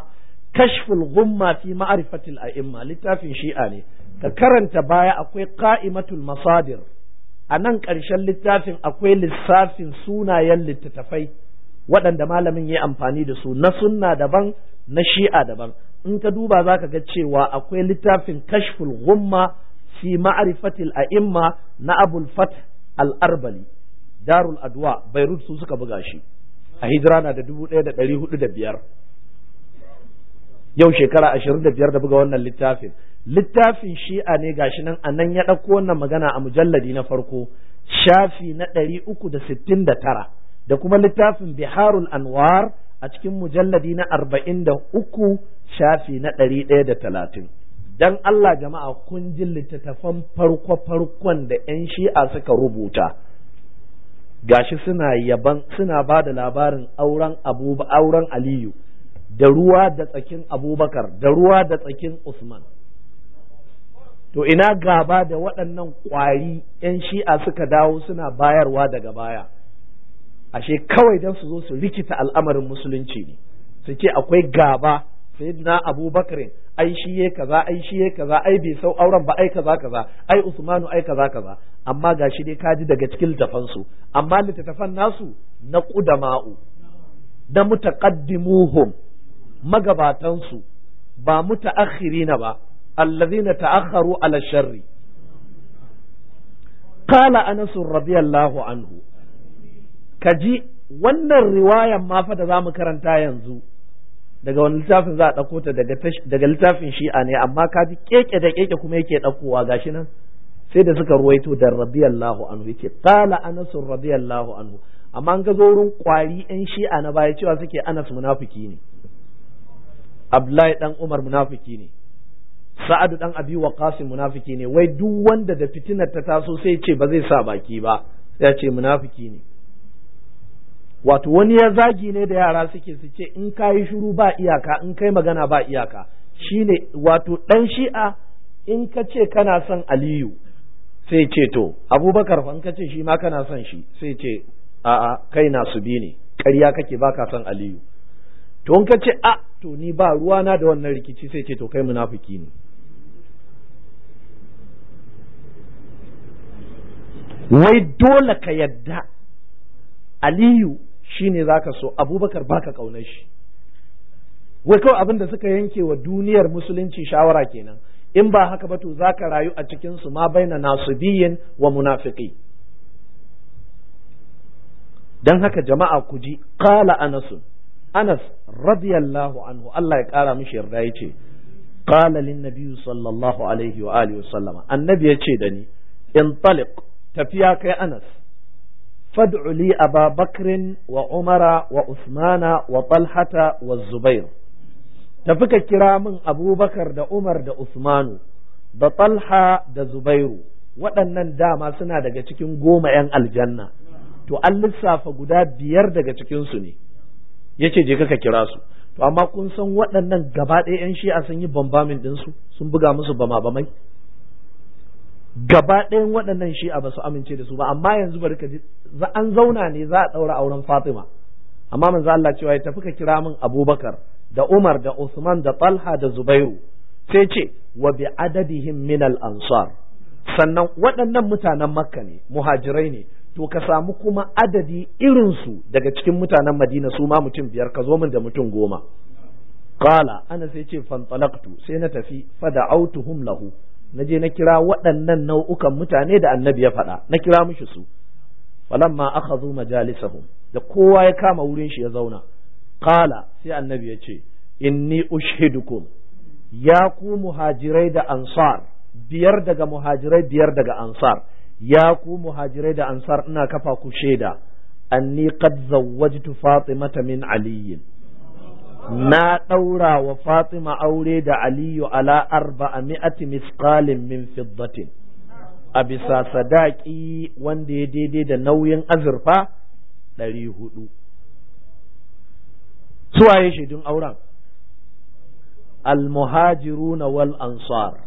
kashful gumma fi ma'rifatil a'imma littafin shi'a ne ka karanta baya akwai qa'imatul masadir a nan ƙarshen littafin akwai lissafin sunayen littattafai waɗanda malamin ya amfani da su na sunna daban na shi'a daban in ka duba za ka ga cewa akwai littafin kashful gumma fi ma'rifatil a'imma na Abulfat al-arbali darul adwa bairut su suka buga shi a hijira na da dubu ɗaya da ɗari hudu da biyar yau shekara ashirin da biyar da buga wannan littafin littafin shi'a ne gashi nan a nan ya ɗauko wannan magana a mujalladi na farko shafi na ɗari uku da sittin da tara da kuma littafin biharul anwar a cikin mujalladi na arba'in da uku shafi na ɗari ɗaya da talatin dan Allah jama'a kun ji littattafan farko farkon da yan shi'a suka rubuta gashi suna yaban suna ba da labarin auren auren Aliyu da ruwa da tsakin Abubakar da ruwa da tsakin Usman to ina gaba da waɗannan ƙwari 'yan shi'a suka dawo suna bayarwa daga baya ashe kawai don su zo su rikita al'amarin musulunci ne su ce akwai gaba sayyidina abubakar ai shi yayi kaza ai shi yayi kaza ai bai sau auren ba ai kaza kaza ai usmanu ai kaza kaza amma gashi dai kaji daga cikin littafan su amma littafan nasu na qudama'u da mutaqaddimuhum magabatan su ba mutaakhirina ba allazina ta'akharu ala sharri qala anas radiyallahu anhu kaji wannan riwayan ma fa da zamu karanta yanzu daga wani littafin za a ɗauko ta daga littafin shi'a ne amma ka ji keke da keke kuma yake ɗaukowa shi nan sai da suka ruwaito da radiyallahu anhu yake qala anas radiyallahu anhu amma an ga kwari 'yan shi'a na baya cewa suke anas munafiki ne abdullahi dan umar munafiki ne sa'adu dan abi waqas munafiki ne wai duk wanda da fitinar ta taso sai ce ba zai sa baki ba sai ya ce munafiki ne wato wani ya zagi ne da yara suke su ce in ka yi shiru ba iyaka in kai magana ba iyaka shine wato ɗan shi'a in ka ce kana son aliyu sai ce to abubakar fa in ka ce shi ma kana son shi sai ce a'a kai na su bi ne Karya kake ba ka son aliyu to in ka ce a to ni ba ruwana da wannan rikici sai ce to kai munafiki ne wai dole ka yadda aliyu Shi za zaka so abubakar baka kaunar shi wai kawai abin da suka yanke wa duniyar musulunci shawara kenan in ba haka ba to zaka rayu a cikin su ma baina nasibiyin wa munafiqi dan haka jama'a ku ji qala anas anas radiyallahu anhu Allah ya kara mishi yarda yace qala lin nabiy sallallahu alaihi wa alihi wa sallama annabi yace da ni in tafiya kai anas fad'u li aba wa umara wa usmana wa Balhata wa zubair tafi ka kira min abubakar da umar da usmanu da talha da zubairu waɗannan dama suna daga cikin goma 'yan aljanna to an lissafa guda biyar daga cikinsu ne yace je ka kira su to amma kun san waɗannan gaba ɗaya 'yan shi'a sun yi bambamin ɗinsu sun buga musu bama bamai gaba ɗayan waɗannan shi'a ba su amince da su ba amma yanzu bari ka ji an zauna ne za a ɗaura auren Fatima amma manzo Allah cewa ya tafi ka kira min Abubakar da Umar da Usman da Talha da Zubairu sai ce wa bi adadihim min al ansar sannan waɗannan mutanen Makka ne muhajirai ne to ka samu kuma adadi irin su daga cikin mutanen Madina su ma mutum biyar ka zo min da mutum goma qala ana sai ce fantalaqtu sai na tafi fada'autuhum lahu na je na kira waɗannan nau'ukan mutane da annabi ya faɗa na kira mushi su aka zo majalisahum da kowa ya kama wurin shi ya zauna qala sai annabi ya ce inni ushidukum ya ku muhajirai da ansar biyar daga muhajirai biyar daga ansar ya ku muhajirai da ansar ina kafa ku shaida anni qad zawwajtu fatimata min aliyin na ɗaura wa Fatima aure da Aliyu ala arba'a mi'ati misqalin min fiddatin a bisa sadaki wanda ya daidai da nauyin azurfa ɗari hudu. Suwaye shaidun auren? Almuhajiruna wal ansar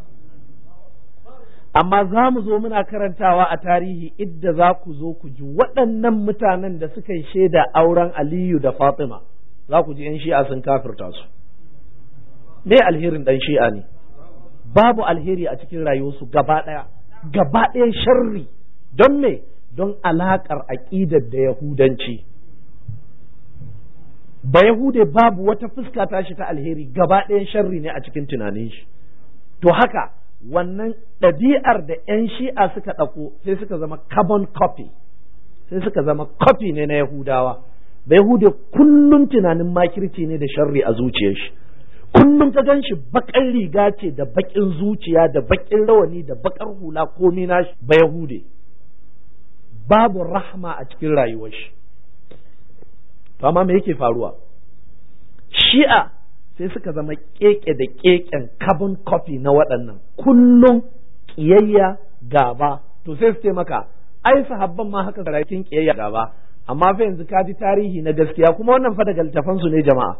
amma za mu zo muna karantawa a tarihi idda za ku zo ku ji waɗannan mutanen da suka yi shaida auren Aliyu da Fatima. za ku ji yan shi'a sun kafirta su me alherin dan shi'a ne babu alheri a cikin rayuwarsu gaba ɗaya gaba sharri don me don alaƙar aƙidar da yahudanci ba yahude babu wata fuska ta shi ta alheri gaba ɗayan sharri ne a cikin tunanin shi to haka wannan ɗabi'ar da 'yan shi'a suka ɗauko sai suka zama carbon copy sai suka zama copy ne na yahudawa Bayahude kullum tunanin makirci ne da sharri a zuciyar shi kullum ka gan shi baƙar riga ce da baƙin zuciya da baƙin rawani da baƙar hula komi na ba Yahude babu rahma a cikin rayuwar shi to amma me yake faruwa shi'a sai suka zama keke da keken carbon copy na waɗannan kullum ƙiyayya gaba to sai su ce maka ai sahabban ma haka rayuwar ƙiyayya gaba amma fa yanzu ka ji tarihi na gaskiya kuma wannan fa daga littafan su ne jama'a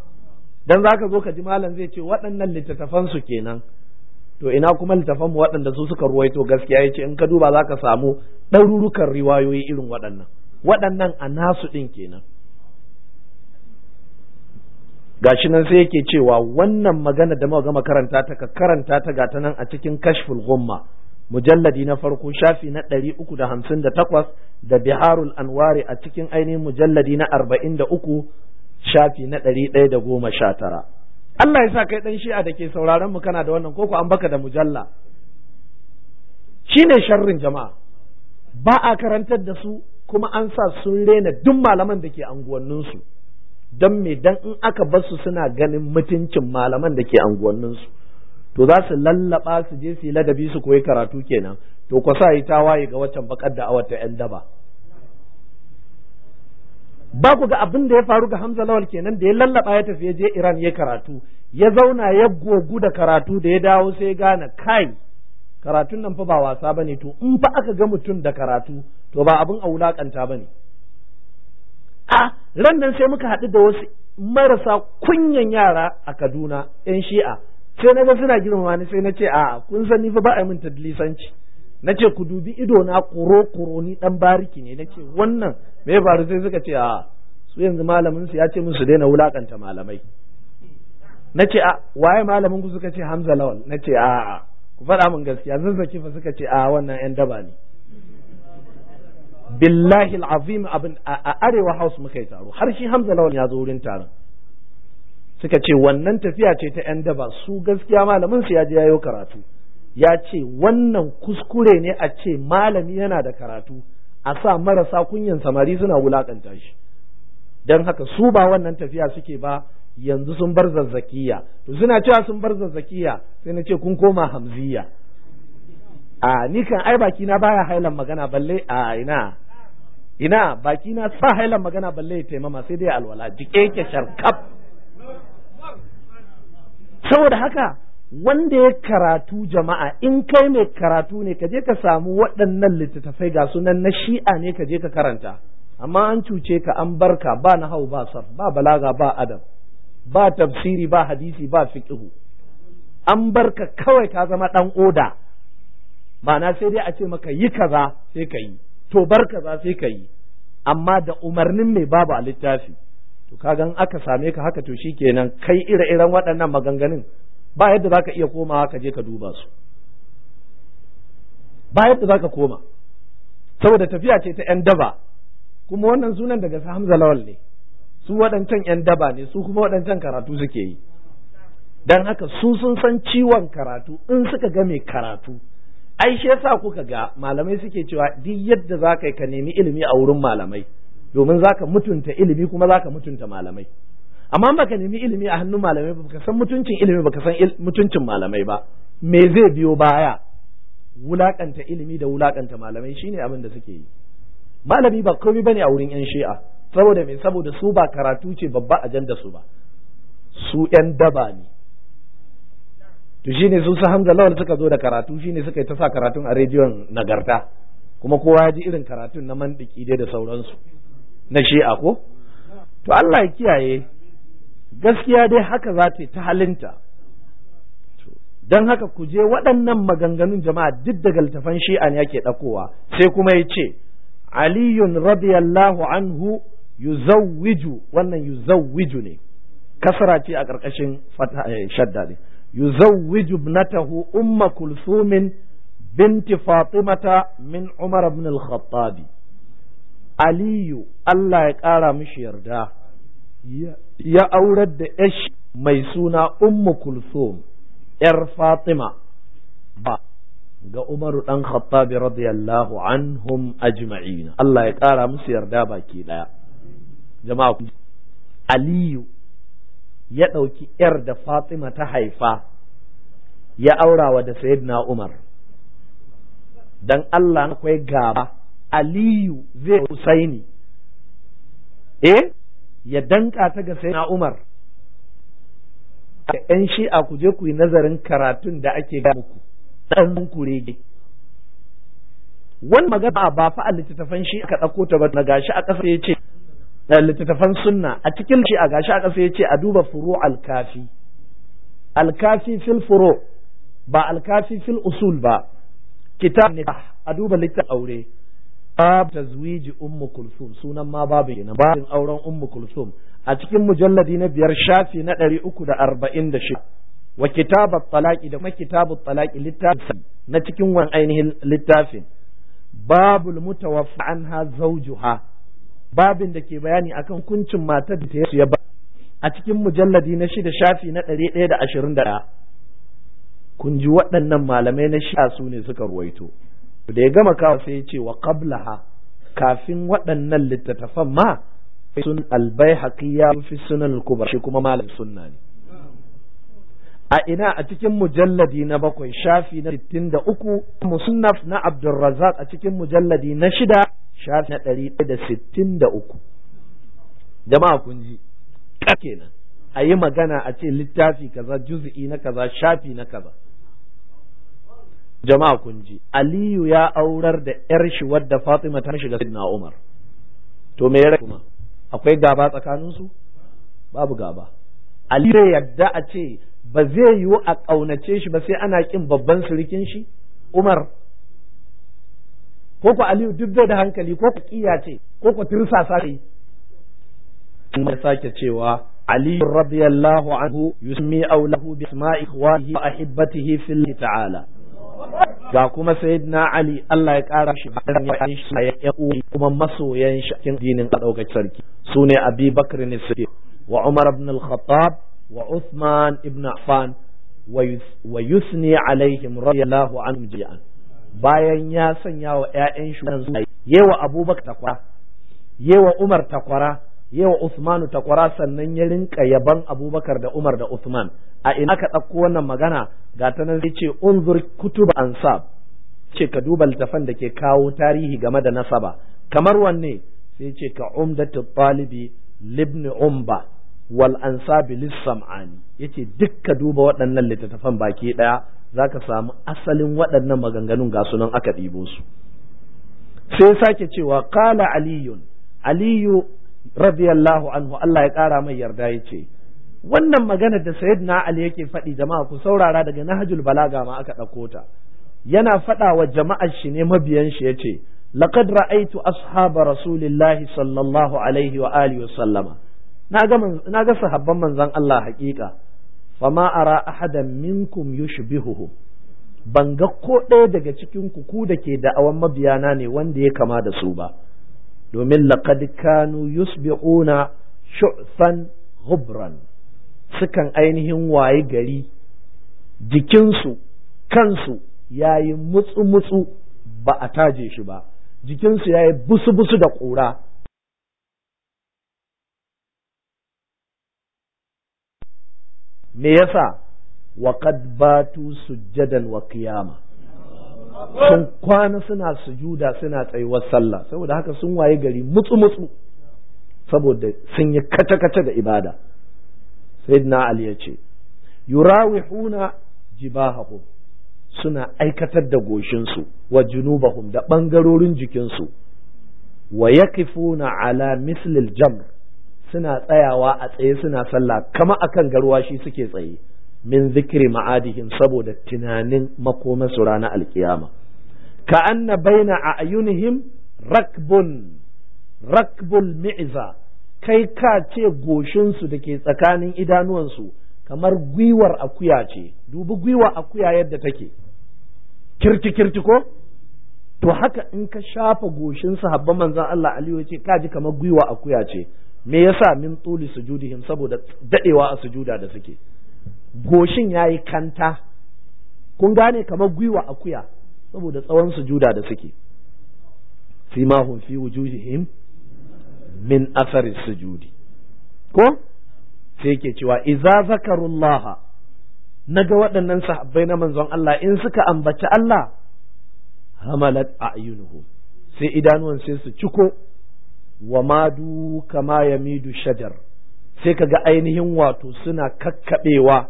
dan zaka zo ka ji malam zai ce waɗannan littafan su kenan to ina kuma littafan mu waɗanda su suka ruwaito gaskiya yace in ka duba za ka samu ɗarurukan riwayoyi irin waɗannan waɗannan a nasu ɗin kenan gashi nan sai yake cewa wannan magana da muka karanta ta ka karanta ta gata nan a cikin kashful gumma mujalladi na farko shafi na ɗari uku da hamsin da takwas da biharul anwari a cikin ainihin mujalladi na arba'in da uku shafi na ɗari ɗaya da goma sha tara Allah ya sa kai ɗan shi'a da ke sauraron mu kana da wannan koko an baka da mujalla shine sharrin jama'a ba a karantar da su kuma an sa sun rena duk malaman da ke anguwanninsu don me dan in aka bar su suna ganin mutuncin malaman da ke anguwanninsu to za su lallaba su je su yi ladabi su koyi karatu kenan to ku sa yi waye ga waccan bakar da awata yan daba ba ku ga abin da ya faru ga Hamza Lawal kenan da ya lallaba ya tafi ya je Iran ya karatu ya zauna ya gogu da karatu da ya dawo sai ya gane kai karatun nan fa ba wasa bane to in fa aka ga mutum da karatu to ba abin a wulakanta bane a ran nan sai muka haɗu da wasu marasa kunyan yara a Kaduna yan shi'a sai na ga suna girmama ni sai na ce a kun san ni fa ba a yi min tadlisanci na ce ku dubi ido na kuro kuro ni dan bariki ne na ce wannan me faru sai suka ce a su yanzu malamin su ya ce musu daina wulakanta malamai na ce a waye malamin ku suka ce Hamza Lawal na ce a ku faɗa min gaskiya zazzaki fa suka ce a wannan yan daba ne billahi al'azim abin a arewa house muka yi taro har shi Hamza Lawal ya zo wurin taron suka ce wannan tafiya ce ta yan daba su gaskiya malamin su ya je yayo karatu ya ce wannan kuskure ne a ce malami yana da karatu a sa marasa kunyan samari suna wulaƙanta shi don haka su ba wannan tafiya suke ba yanzu sun bar zazzakiya to suna cewa sun bar zazzakiya sai na ce kun koma hamziya a ni kan ai baki na baya hailan magana balle a ina ina baki na sa hailan magana balle ya taimama sai dai alwala jike yake sharkaf saboda haka wanda ya karatu jama'a in kai mai karatu ne ka je ka samu waɗannan littattafai ga sunan na shi'a ne ka je ka karanta amma an cuce ka an barka ba na hau ba Saf ba balaga ba adam ba tafsiri ba hadisi ba fiqhu an barka kawai ka zama ɗan oda ma'ana sai dai a ce maka yi kaza sai ka yi to bar za sai ka yi amma da umarnin mai babu a littafi to kagan aka same ka haka to kenan kai ire-iren waɗannan maganganun ba yadda za ka iya komawa ka je ka duba su ba yadda za ka koma saboda tafiya ce ta 'yan daba kuma wannan sunan daga su hamza lawal ne su waɗancan 'yan daba ne su kuma waɗancan karatu suke yi don haka su sun san ciwon karatu in suka ga mai karatu Aishe shi yasa kuka ga malamai suke cewa duk yadda za ka yi ka nemi ilimi a wurin malamai domin za ka mutunta ilimi kuma za ka mutunta malamai amma baka nemi ilimi a hannun malamai ba san mutuncin ilimi ba san mutuncin malamai ba me zai biyo baya wulakanta ilimi da wulakanta malamai shine abin da suke yi malami ba komai bane a wurin yan shi'a saboda me saboda su ba karatu ce babba a ajanda su ba su yan daba ne to shine su su hamza lawal suka zo da karatu shine suka yi ta sa karatun a rediyon nagarta kuma kowa ya ji irin karatun na mandiki dai da sauransu na shi'a ko to Allah ya kiyaye gaskiya dai haka za ta yi ta halinta don haka ku je waɗannan maganganun jama'a duk daga littafan shi'a ne yake ɗakowa sai kuma ya ce aliyun radiyallahu anhu yuzawwiju wannan yuzawwiju ne kasara ce a ƙarƙashin eh, shadda ne yuzawwiju ibnatahu umma kulsumin binti fatimata min umar ibn al-khattabi aliyu Allah ya ƙara mishi yarda ya aurar da yashi mai suna ummu kulsum yar fatima ba ga umaru dan khattabi radiyallahu anhum ajma'in Allah ya kara musu yarda baki daya jama'a aliyu ya ɗauki ‘yar da Fatima ta haifa ya aura wa da Sayyidina Umar, Dan Allah na gaba, Aliyu zai Husaini, eh? ya danka ta ga na Umar ‘yan shi'a ku je ku yi nazarin karatun da ake ga muku ɗan rege wani magana ba fa a littattafan shi aka ɗauko ta ba na gashi a ƙasa ya ce littattafan sunna a cikin shi a gashi a ƙasa ya ce a duba furu alkafi alkafi fil furu ba alkafi fil usul ba kitab ne a duba littattafan aure Babu tazwiji ummu kulsum sunan ma babu yana babin auren ummu kulsum a cikin mujalladi na biyar shafi na ɗari uku da arba'in da shida wa kitabat da kuma kitabat talaqi littafin na cikin wani ainihin littafin babul mutawaffa anha zawjuha babin da ke bayani akan hukuncin matar da ta ya ba a cikin mujalladi na shida shafi na ɗari ɗaya da ashirin da kunji waɗannan malamai na sha su ne suka ruwaito da ya gama kawo sai ya ce wa qablaha kafin waɗannan littattafan ma sun albayhaqi ya fi sunan kubra shi kuma malam sunna ne a ina a cikin mujalladi na bakwai shafi na sittin da uku musnaf na abdulrazak a cikin mujalladi na shida shafi na ɗari da sittin da uku jama'a kun ji kenan a yi magana a ce littafi kaza juz'i na kaza shafi na kaza jama'a kun ji aliyu ya aurar da yar shi wadda fatima ta shiga sidna umar to me ya kuma akwai gaba tsakanin su babu gaba aliyu yadda a ce ba zai yiwu a ƙaunace shi ba sai ana kin babban sirikin shi umar ko ku aliyu duk da hankali ko ku kiya ce ko ku tirsa sai kuma sake cewa ali radiyallahu anhu yusmi aulahu bi isma'i ikhwanihi wa ahibbatihi fil ta'ala ga kuma sayyidina ali Allah ya kara shi bayan ya shi ya yan kuma masoyan shi cikin dinin daukar sarki sune abi bakr ne siddiq wa umar ibn al-khattab wa uthman ibn affan wa yusni alaihim radiyallahu anhum jami'an bayan ya sanya wa ƴaƴan shi yawa abubakar takwara yawa umar takwara yau Usmanu takwara sannan ya rinka yaban Abubakar da Umar da Usman a ina ka ɗauko wannan magana ga ta nan ce unzur kutub ansab ce ka duba littafan da ke kawo tarihi game da nasaba kamar wanne sai ce ka umdatu talibi libni umba wal ansabi lissam'ani yace duk ka duba waɗannan littattafan baki ɗaya za ka samu asalin waɗannan maganganun ga sunan aka ɗibo su sai sake cewa kala aliyun aliyu radiyallahu anhu Allah ya ƙara mai yarda ya ce wannan maganar da na Ali yake faɗi jama'a ku saurara daga nahjul balaga ma aka ɗauko ta yana faɗa wa jama'ar shi ne mabiyan shi yace laqad ra'aytu ashaba rasulillahi sallallahu alaihi wa alihi wa sallama Na ga sahabban manzon Allah haƙiƙa fama ara ahadan minkum yushbihuhu ban ga ko ɗaya daga cikin ku ku da ke da'awan mabiyana ne wanda ya kama da su ba domin laqad kanu yusbi'una shu'fan ghubran sukan ainihin waye gari jikinsu kansu yayi mutsu mutsu ba a taje shi ba jikinsu yayi busu busu da ƙura me yasa waqad batu sujjadan wa qiyama sun kwana suna sujuda suna tsayuwar sallah saboda haka sun waye gari mutsu mutsu saboda sun yi kata-kata da ibada sayyidina ali ya ce yurawihuna jibahahum suna aikatar da goshinsu wa junubahum da ɓangarorin jikinsu wa yakifuna ala mislil jamr suna tsayawa a tsaye suna sallah kama akan garwashi suke tsaye min zikri ma'adihim saboda tunanin makomansu rana alkiyama ka anna baina a ayunihim rakbun rakbul mi'za kai ka ce goshinsu da ke tsakanin idanuwansu kamar gwiwar akuya ce dubi gwiwar akuya yadda take kirti kirti ko to haka in ka shafa goshin habba manzon Allah Aliyu ya ce ka ji kamar gwiwa akuya ce me yasa min tuli sujudihim saboda dadewa a sujuda da suke goshin ya yi kanta kun gane kamar gwiwa akuya saboda tsawon sujuda da suke fi mahun fi wujuhihim min asari sujudi ko sai yake cewa idza zakarullaha naga waɗannan sahabbai na manzon Allah in suka ambaci Allah hamalat a'yunuhum sai idanuwan sai su ciko wa madu kama yamidu shajar sai ka ga ainihin wato suna kakkaɓewa.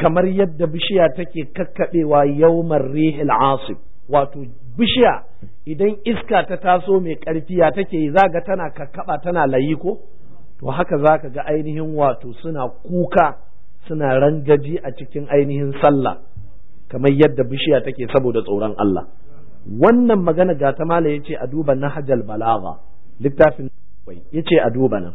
kamar yadda bishiya take kakkaɓewa yawmar rihil asib wato bishiya idan iska ta taso mai ƙarfi ya take yi zaga tana kakkaɓa tana layi ko to haka za ka ga ainihin wato suna kuka suna rangaji a cikin ainihin sallah kamar yadda bishiya take saboda tsoron Allah wannan magana ga ta mala yace a duba nahjal balagha littafin yace a duba nan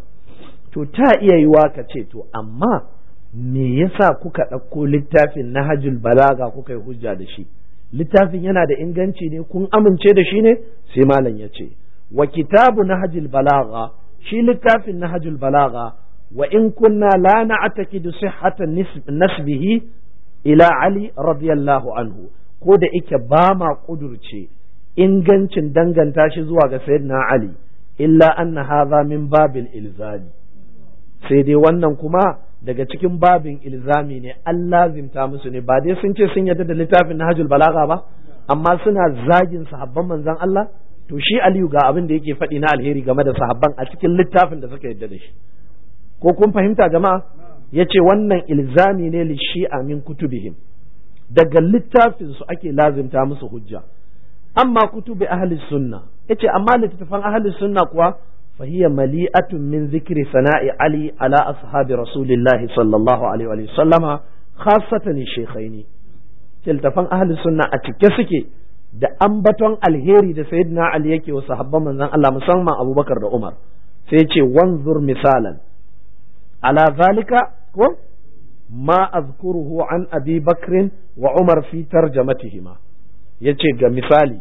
to ta iya yiwa ka ce to amma me yasa kuka ɗauko littafin na hajjul balaga kuka yi hujja da shi littafin yana da inganci ne kun amince da shi ne sai malam ya ce wa kitabu na hajjul balaga shi littafin na hajjul balaga wa in kunna la na'taqidu sihhatan nasbihi ila ali radiyallahu anhu ko da ike ba ma kudurce ingancin danganta shi zuwa ga sayyidina ali illa anna hadha min babil ilzami sai dai wannan kuma daga cikin babin ilzami ne an lazimta musu ne ba dai sun ce sun yarda da littafin nahjul balaga ba amma suna zagin sahabban manzon Allah to shi Aliyu ga abin da yake faɗi na alheri game da sahabban a cikin littafin da suka yadda da shi ko kun fahimta jama'a yace wannan ilzami ne li shi'a min kutubihim daga littafin su ake lazimta musu hujja amma kutubi ahli sunna yace amma littattafan ahli sunna kuwa فهي مليئة من ذكر ثناء علي على أصحاب رسول الله صلى الله عليه وآله وسلم خاصة الشيخين كلتفن أهل السنة أتكسك da ambaton alheri da sayyidina Ali yake wa sahabban manzon Allah musamman Abubakar da Umar sai ce wanzur misalan ala zalika ko ma azkuruhu an Abi Bakrin wa Umar fi tarjamatihima yace ga misali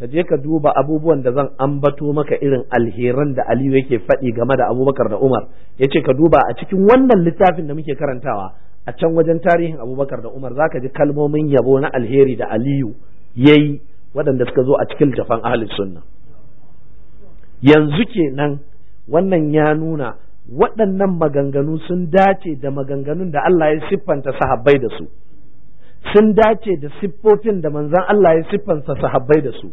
ka je ka duba abubuwan da zan ambato maka irin alheran da Aliyu yake faɗi game da Abubakar da Umar yace ka duba a cikin wannan littafin da muke karantawa a can wajen tarihin Abubakar da Umar zaka ji kalmomin yabo na alheri da Aliyu yayi waɗanda suka zo a cikin jafan Ahli sunna yanzu kenan wannan ya nuna waɗannan maganganu sun dace da maganganun da Allah ya siffanta sahabbai da su sun dace da siffofin da manzon Allah ya siffanta sahabbai da su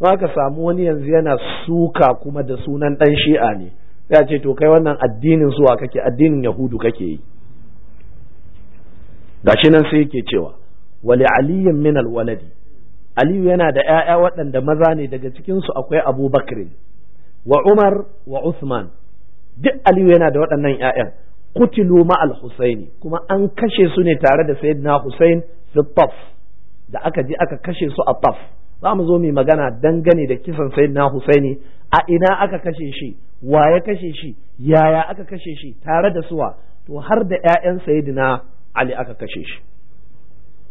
ka samu wani yanzu yana suka kuma da sunan ɗan shi'a ne ya ce to kai wannan addinin zuwa kake addinin yahudu kake yi gashi nan sai yake cewa wali aliyin min alwaladi aliyu yana da ‘ya'ya waɗanda maza ne daga cikinsu akwai abubakrin wa umar wa usman duk aliyu yana da waɗannan ‘ya'yan kutilu ma'al husaini kuma an kashe su ne tare da sayyidina husain fi taf da aka je aka kashe su a taf za mu zo mu yi magana dangane da kisan sai na Husaini a ina aka kashe shi wa ya kashe shi yaya aka kashe shi tare da suwa to har da ƴaƴan sayyidina Ali aka kashe shi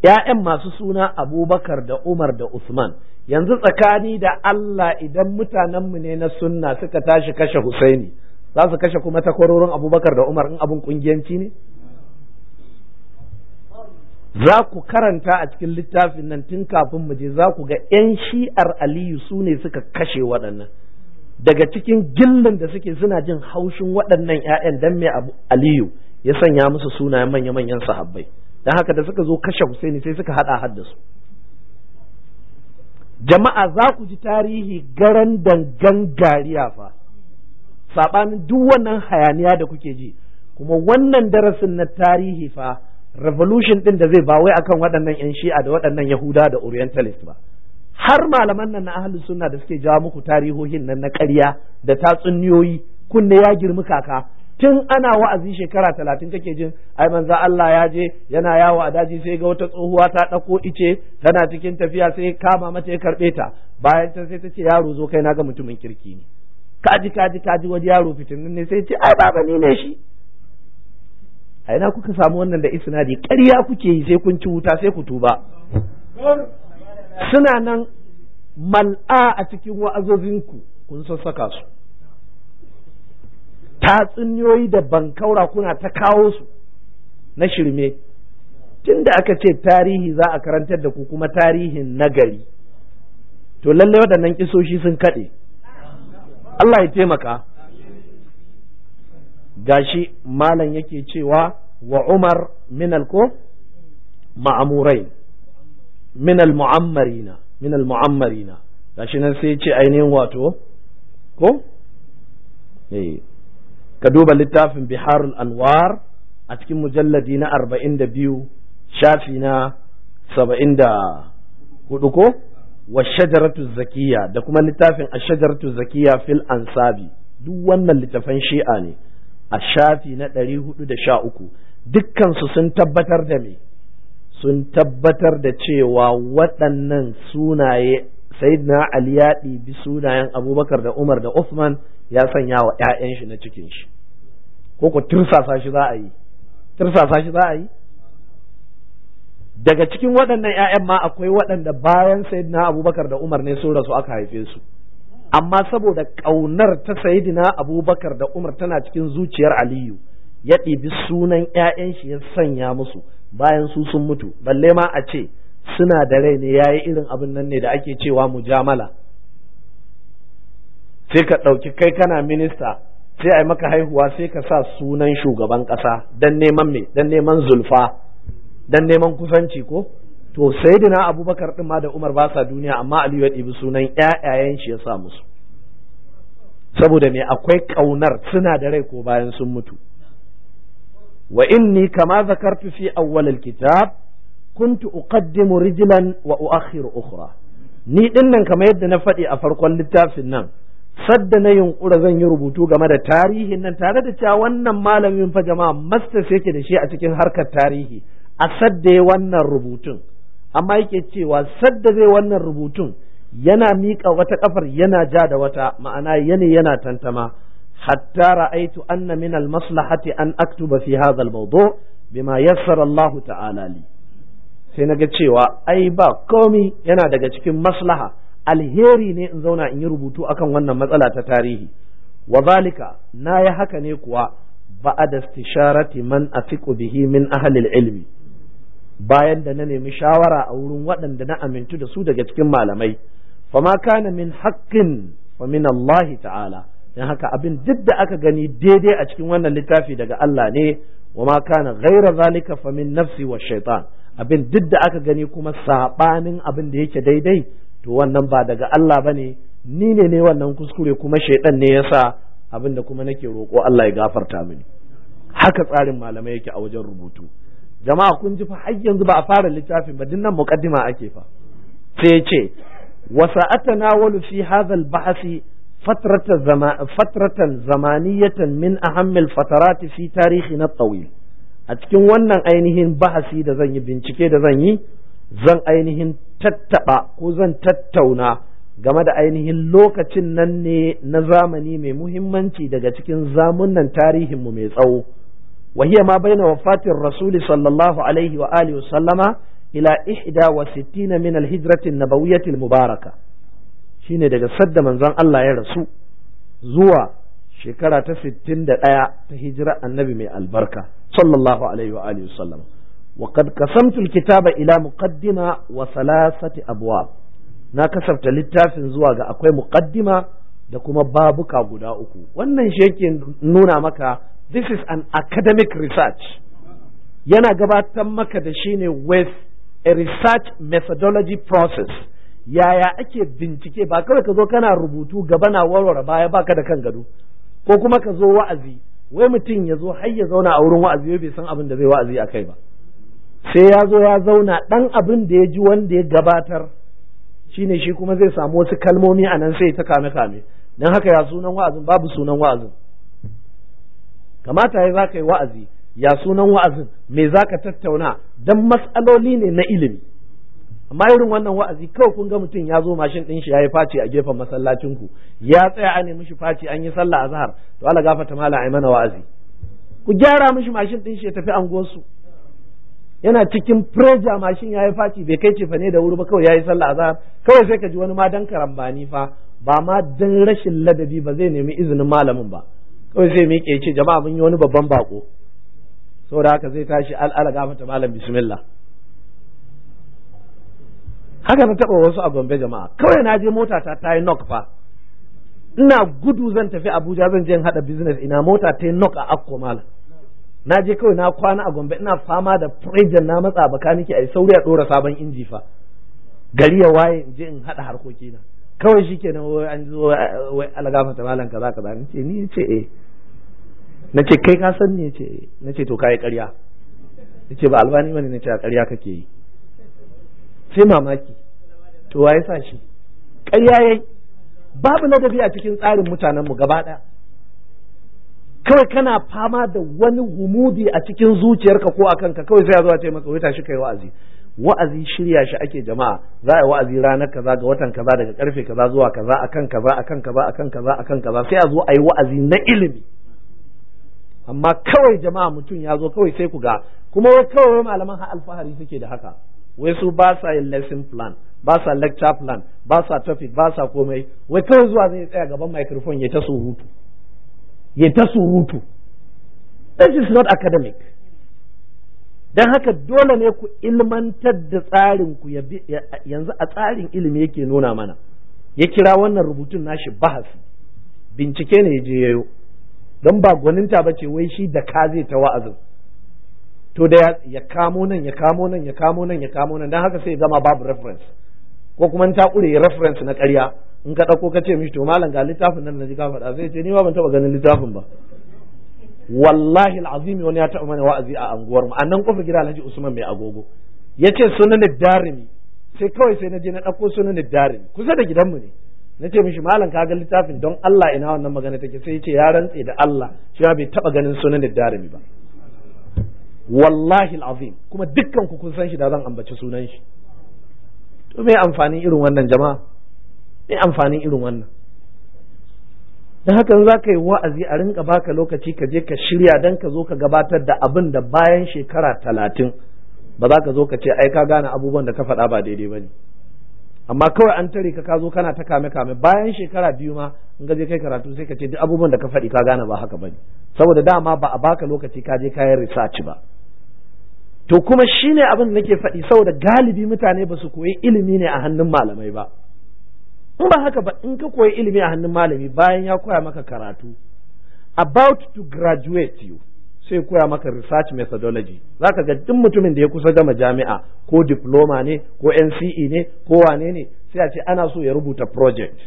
ƴaƴan masu suna Abubakar da Umar da Usman yanzu tsakani da Allah idan mutanen mu ne na sunna suka tashi kashe Husaini za su kashe kuma takwarorin Abubakar da Umar in abun kungiyanci ne za ku karanta a cikin littafin nan tun kafin mu je za ku ga 'yan shi'ar aliyu su ne suka kashe waɗannan daga cikin gillin da suke suna jin haushin waɗannan 'ya'yan dan mai abu aliyu ya sanya musu sunayen manya-manyan sahabbai Dan haka da suka zo kashe husaini sai suka haɗa hadda su jama'a za ku ji tarihi garan dangan gariya fa saɓanin duk wannan hayaniya da kuke ji kuma wannan darasin na tarihi fa revolution din da zai ba wai akan waɗannan yan shi'a da waɗannan yahuda da orientalist ba har malaman nan na ahlus suna da suke jawo muku tarihohin nan na ƙarya da tatsuniyoyi kunne ya girmi kaka tun ana wa'azi shekara talatin kake jin ai manzo Allah ya je yana yawo a daji sai ga wata tsohuwa ta ɗauko ice tana cikin tafiya sai kama mata ya karɓe ta bayan ta sai ta ce yaro zo kai na ga mutumin kirki ne kaji kaji kaji wani yaro fitinin ne sai ce ai baba ni ne shi a ina kuka samu wannan da isnadi ƙarya kuke yi sai kun ci wuta sai ku tuba suna nan mal'a a cikin ku kun sassaka su tatsuniyoyi da bankaura kuna ta kawo su na shirme tunda aka ce tarihi za a karantar da ku kuma tarihin nagari to lalle waɗannan kisoshi sun kaɗe Allah ya taimaka gashi malam yake cewa wa umar min alko ma'amurai min almu'ammarina min almu'ammarina gashi nan sai ce ainihin wato ko eh. ka duba littafin biharul anwar a cikin mujalladi na 42 shafi na 74 ko wa shajaratu zakiya da kuma littafin a shajaratu zakiya fil ansabi duk wannan littafan shi'a ne a shafi na ɗari da sha uku? dukkansu sun tabbatar da me sun tabbatar da cewa waɗannan sunaye sayyidina Ali ya ɗibi sunayen Abubakar da Umar da Uthman ya sanya wa ƴaƴan shi na cikin shi ko ku tirsasa shi za a yi tirsasa shi za a yi daga cikin waɗannan ƴaƴan ma akwai waɗanda bayan sayyidina Abubakar da Umar ne sun rasu aka haife su amma saboda ƙaunar ta sayyidina Abubakar da Umar tana cikin zuciyar Aliyu ya ɗibi sunan ‘ya'yan shi ya sanya musu bayan su sun mutu balle ma a ce suna da rai ne ya yi irin abin nan ne da ake cewa mujamala sai ka ɗauki kai kana minista sai a yi maka haihuwa sai ka sa sunan shugaban ƙasa don neman me don neman zulfa don neman kusanci ko to sayyidina abubakar ɗin ma da umar ba sa duniya amma aliyu ya ɗibi sunan ƴaƴayen shi ya sa musu saboda me akwai ƙaunar suna da rai ko bayan sun mutu wa ni kama zakartu fi awwal alkitab kuntu uqaddimu rijlan wa uakhiru ni dinnan kamar yadda na faɗi a farkon littafin nan sadda na yunkura zan yi rubutu game da tarihin nan tare da cewa wannan malamin fa jama'a masters yake da shi a cikin harkar tarihi a sadda wannan rubutun amma yake cewa sadda zai wannan rubutun yana miƙa wata kafar yana ja da wata ma'ana yana yana tantama hatta ra'aitu anna min al-maslahati an aktuba fi hadha al-mawdu' bima yassara Allah ta'ala Sai na ga cewa ai ba komi yana daga cikin maslaha alheri ne in zauna in yi rubutu akan wannan matsala ta tarihi wa zalika na yi haka ne kuwa da stisharati man athiqu bihi min ahli ilmi bayan da na nemi shawara a wurin waɗanda na amintu da su daga cikin malamai ma kana min haƙƙin fa min Allah ta'ala don haka abin duk da aka gani daidai a cikin wannan littafi daga Allah ne wa ma kana ghaira zalika fa min nafsi wa shaytan abin duk da aka gani kuma sabanin abin da yake daidai to wannan ba daga Allah bane ni ne ne wannan kuskure kuma shaytan ne yasa abin da kuma nake roƙo Allah ya gafarta mini haka tsarin malamai yake a wajen rubutu jama'a kun ji fa har yanzu ba a fara littafin ba dinnan muqaddima ake fa sai ce wa sa'atanawalu fi hadha al bahsi fatratan zamaniyatan min ahammil fatarati fi tarihi na tsawil a cikin wannan ainihin bahasi da zan yi bincike da zan yi zan ainihin tattaɓa ko zan tattauna game da ainihin lokacin nan ne na zamani mai muhimmanci daga cikin zamunan tarihin mu mai tsawo وهي ما بين وفاة الرسول صلى الله عليه وآله وسلم إلى إحدى وستين من الهجرة النبوية المباركة shine daga sadda manzon Allah ya rasu zuwa shekara ta 61 ta hijira annabi mai albarka sallallahu alaihi wa alihi wasallam wa qad qasamtu alkitaba ila muqaddima wa salasati abwab na kasafta littafin zuwa ga akwai muqaddima da kuma babuka guda uku wannan shi nuna maka this is an academic research yana gabatar maka da shine with a research methodology process yaya ake bincike ba kawai ka zo kana rubutu gaba na warware baya baka da kan gado ko kuma ka zo wa'azi wai mutum ya zo har ya zauna a wurin wa'azi bai san abin da zai wa'azi a kai ba sai ya zo ya zauna dan abin da ya ji wanda ya gabatar shine shi kuma zai samu wasu kalmomi a nan sai ta kame kame don haka ya sunan wa'azin babu sunan wa'azin kamata ya za ka yi wa'azi ya sunan wa'azin me za ka tattauna dan matsaloli ne na ilimi amma irin wannan wa'azi kawai kun ga mutum ya zo mashin ɗin shi ya yi faci a gefen masallacin ku ya tsaya a nemi mishi faci an yi sallah azhar to Allah gafarta mala ai mana wa'azi ku gyara mishi mashin ɗin shi ya tafi anguwarsu yana cikin preja mashin ya yi faci bai kai cefane da wuri ba kawai ya yi sallah azhar kawai sai ka ji wani ma dan karambani fa ba ma dan rashin ladabi ba zai nemi izinin malamin ba kawai sai miƙe ya ce jama'a mun yi wani babban bako saboda haka zai tashi al'ala gafarta malam bismillah haka na taɓa wasu a gombe jama'a kawai na je mota ta ta yi nok fa ina gudu zan tafi abuja zan je in haɗa business ina mota ta yi nok a akko malam na je kawai na kwana a gombe ina fama da pressure na matsa bakaniki a sauri a ɗora sabon inji fa gari ya waye in je in haɗa harkokina kawai shi kenan wai an zo wai algafa ta malam kaza kaza ni ce ni ce eh na ce kai ka san ni ce eh. na ce to kai ƙarya na ce ba albani bane na ce a ƙarya kake yi sai mamaki to wa ya sa shi ƙayyayen babu ladabi a cikin tsarin mutanen mu gaba ɗaya kawai kana fama da wani humudi a cikin zuciyarka ko a kanka kawai sai ya zo a ce maka wai tashi kai wa'azi wa'azi shirya shi ake jama'a za a yi wa'azi ranar kaza ga watan kaza daga karfe kaza zuwa kaza akan kaza akan kaza akan kaza akan kaza sai a zo a yi wa'azi na ilimi amma kawai jama'a mutum ya zo kawai sai ku ga kuma kawai malaman alfahari suke da haka wai su ba sa yin lesson plan ba sa lecture plan ba sa topic ba sa komai wai kawai zuwa zai tsaya gaban microphone ya ta surutu ya ta surutu this is not academic don haka dole ne ku ilmantar da tsarin ku yanzu a tsarin ilimi yake nuna mana ya kira wannan rubutun nashi bahasi bincike ne ya je yayo don ba gwaninta ba ce wai shi da ka zai ta wa'azin to da ya kamo nan ya kamo nan ya kamo nan ya kamo nan dan haka sai ya zama babu reference ko kuma in ta kure reference na ƙarya in ka ɗauko ka ce mishi to malam ga littafin nan na ji ka faɗa zai ce ni ma ban taba ganin littafin ba wallahi al'azim wani ya taba mana wa'azi a anguwar mu annan kofar gida Alhaji Usman mai agogo yace sunan darimi sai kawai sai na je na dauko sunan darimi kusa da gidanmu ne na ce mishi malam ka ga littafin don Allah ina wannan magana take sai yace ya rantse da Allah cewa bai taba ganin sunan darimi ba wallahi azim kuma dukkan ku kun san shi da zan ambaci sunan shi to me amfanin irin wannan jama'a me amfanin irin wannan da hakan za ka yi wa'azi a rinka baka lokaci ka je ka shirya dan ka zo ka gabatar da abin da bayan shekara talatin ba za ka zo ka ce ai ka gane abubuwan da ka faɗa ba daidai ba ne amma kawai an tare ka ka zo kana ta kame kame bayan shekara biyu ma in ka je kai karatu sai ka ce duk abubuwan da ka faɗi ka gane ba haka ba ne saboda dama ba a baka lokaci ka je kayan research ba to kuma shi ne abin da nake faɗi saboda galibi mutane ba su koyi ilimi ne a hannun malamai ba in ba haka ba in ka koyi ilimi a hannun malami bayan ya koya maka karatu about to graduate you sai koya maka research methodology za ka ga duk mutumin da ya kusa gama jami'a ko diploma ne ko nce ne ko wane ne sai a ce ana so ya rubuta project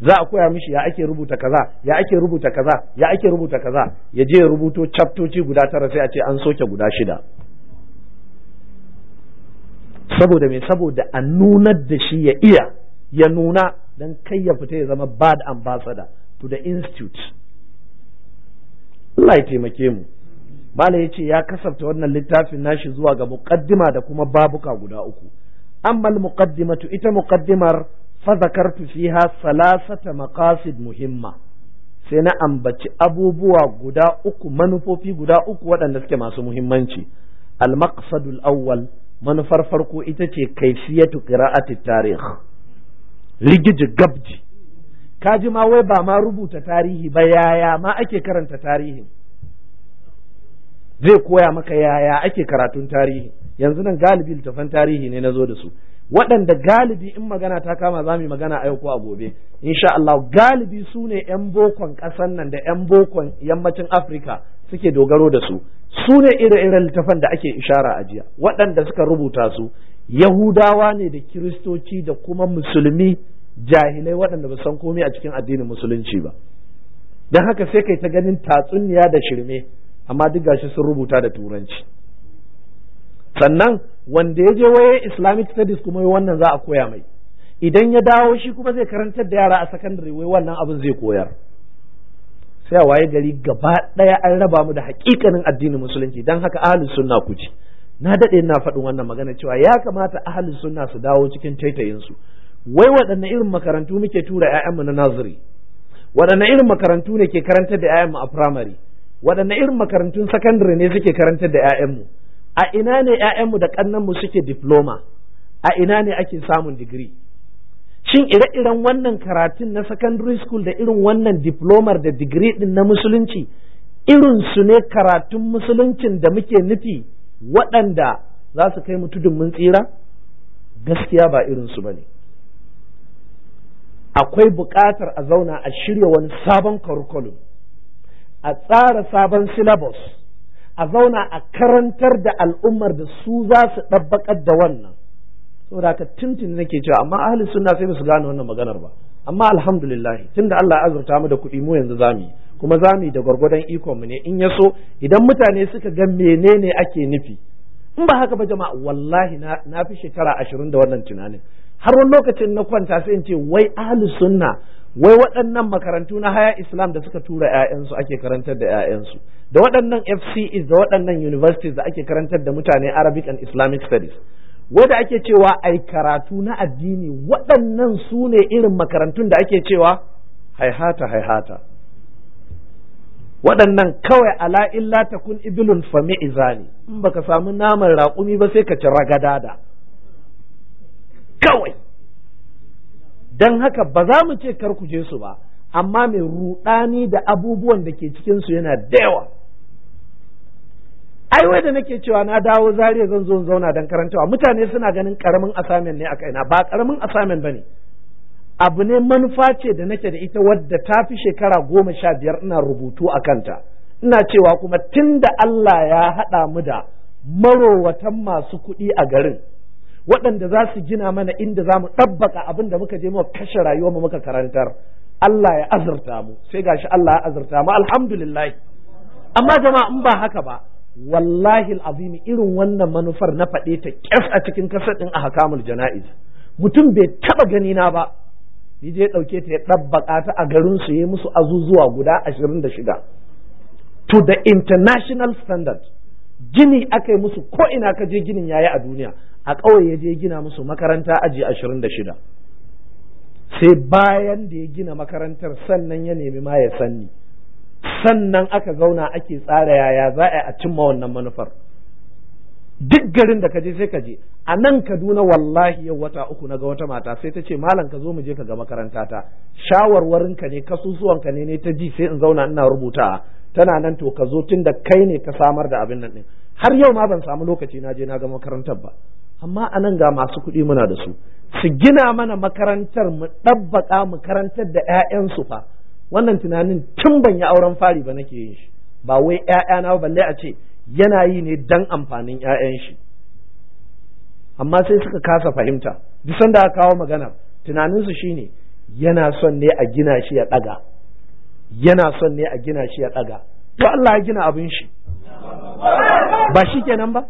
za a koya mishi ya ake rubuta kaza ya ake rubuta kaza ya ake rubuta kaza ya je ya rubuto chaptoci guda tara sai a ce an soke guda shida saboda me saboda a nunar da shi ya iya ya nuna don kai ya fita ya zama bad ambassador to the institute Allah ya taimake mu Malam ya ce ya kasafta wannan littafin nashi zuwa ga muqaddima da kuma babuka guda uku ammal muqaddimatu ita muqaddimar fa zakartu fiha salasata maqasid muhimma sai na ambaci abubuwa guda uku manufofi guda uku waɗanda suke masu muhimmanci al-maqsadul awwal manufar farko ita ce kaifiyatu qira'ati tarikh rigiji gabji kaji ma wai ba ma rubuta tarihi ba yaya ma ake karanta tarihin zai koya maka yaya ake karatun tarihi yanzu nan galibi littafan tarihi ne na zo da su waɗanda galibi in magana ta kama za mu magana a yau ko a gobe insha Allah galibi su ne yan bokon ƙasar nan da yan bokon yammacin Afirka suke dogaro da su su ne ire-iren littafan da ake ishara a jiya waɗanda suka rubuta su Yahudawa ne da Kiristoci da kuma musulmi jahilai waɗanda ba san komai a cikin addinin musulunci ba don haka sai kai ta ganin tatsuniya da shirme amma duk gashi sun rubuta da turanci sannan wanda ya je waye islamic studies kuma wannan za a koya mai idan ya dawo shi kuma zai karantar da yara a sakandare wai wannan abin zai koyar sai a waye gari gaba ɗaya an raba mu da hakikanin addinin musulunci don haka ahlus sunna ku ci na daɗe ina faɗin wannan magana cewa ya kamata ahlus sunna su dawo cikin taitayinsu wai waɗanne irin makarantu muke tura 'ya'yanmu na naziri waɗanne irin makarantu ne ke karantar da 'ya'yanmu a firamare waɗanne irin makarantun sakandare ne suke karantar da 'ya'yanmu a ina ne 'ya'yanmu da ƙannanmu suke diploma a ina ne ake samun digiri shin ire-iren wannan karatun na secondary school da irin wannan diplomar da digiri ɗin na musulunci irin su ne karatun musuluncin da muke nufi waɗanda za su kai mu tudun mun tsira gaskiya ba irinsu ba ne akwai buƙatar a zauna a shirya wani sabon curriculum a tsara sabon syllabus a zauna a karantar da al'ummar da su za su ɗabbaƙar da wannan saboda haka tuntun nake cewa amma ahli sunna sai ba su gane wannan maganar ba amma alhamdulillah tunda Allah azurta mu da kuɗi mu yanzu zamu yi kuma mu yi da gwargwadon ikon mu ne in ya so idan mutane suka ga menene ake nufi in ba haka ba jama'a wallahi na fi shekara ashirin da wannan tunanin har wani lokacin na kwanta sai in ce wai ahli sunna wai waɗannan makarantu na haya islam da suka tura 'ya'yansu ake karantar da 'ya'yansu da waɗannan FCEs da waɗannan universities da ake karantar da mutane Arabic and Islamic studies wanda ake cewa ai karatu na addini waɗannan su ne irin makarantun da ake cewa haihata haihata waɗannan kawai ala illa ta kun ibilun fami izani in baka samu naman raƙumi ba sai ka ci da. kawai don haka ba za mu ce kar ku je su ba amma mai ruɗani da abubuwan da ke cikinsu yana da yawa ai wai da nake cewa na dawo zariya zan zo zauna dan karantawa mutane suna ganin karamin assignment ne a kaina ba karamin assignment bane abu ne manufa ce da nake da ita wadda ta fi shekara goma sha biyar ina rubutu a kanta ina cewa kuma tun da Allah ya haɗa mu da marowatan masu kuɗi a garin waɗanda za su gina mana inda za mu ɗabbaka abin da muka je muka kashe rayuwar mu muka karantar Allah ya azurta mu sai gashi Allah ya azurta mu alhamdulillah amma jama'a in ba haka ba wallahi azimi irin wannan manufar na faɗe ta kyas a cikin kasar ɗin a hakamul jana'iz mutum bai taɓa gani na ba ya je ɗauke ta ya ɗabbaƙa ta a garin su yi musu azuzuwa guda ashirin da shida to the international standard gini aka yi musu ko ina ka je ginin yayi a duniya a ƙauye ya je gina musu makaranta aji ashirin da shida sai bayan da ya gina makarantar sannan ya nemi ma ya sanni sannan aka zauna ake tsara yaya za a cimma wannan manufar duk garin da kaje sai kaje a nan Kaduna wallahi yau wata uku na ga wata mata sai ta ce malam ka zo mu je ka ga makaranta ta shawarwarinka ne kasusuwanka ne ne ta ji sai in zauna ina rubuta tana nan to ka zo tun da kai ne ka samar da abin nan din har yau ma ban samu lokaci na je na ga makarantar ba amma a nan ga masu kuɗi muna da su su gina mana makarantar mu ɗabbaƙa mu karantar da 'ya'yansu fa wannan tunanin tun ban yi auren fari ba nake yin shi ba wai ƴaƴana balle a ce yana yi ne dan amfanin ƴaƴan shi amma sai suka kasa fahimta duk sanda aka kawo magana tunanin su shine yana son ne a gina shi ya daga yana son ne a gina shi ya daga to Allah ya gina abin shi ba shi kenan ba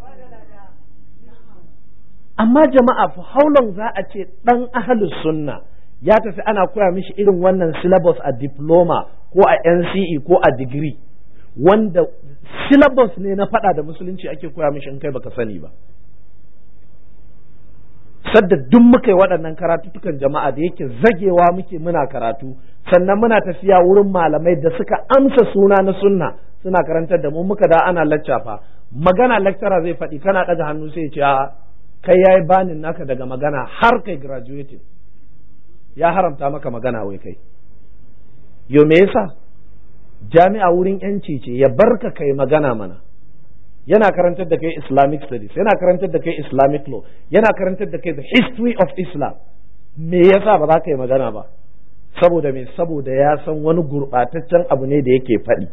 amma jama'a fa how za a ce dan ahlus sunna ya tafi ana koya mishi irin wannan syllabus a diploma ko a NCE ko a degree wanda syllabus ne na fada da musulunci ake koya mishi in kai baka sani ba sadda duk muka yi waɗannan karatutukan jama'a da yake zagewa muke muna karatu sannan muna tafiya wurin malamai da suka amsa suna na sunna suna karantar da mu muka da ana laccafa magana lecturer zai faɗi kana ɗaga hannu sai ya ce a kai yayi banin naka daga magana har kai graduating ya haramta maka magana wai kai yo me yasa jami'a wurin yanci ce ya barka kai magana mana yana karantar da kai islamic studies yana karantar da kai islamic law yana karantar da kai the history of islam me yasa ba za ka yi magana ba saboda me saboda ya san wani gurbataccen abu ne da yake faɗi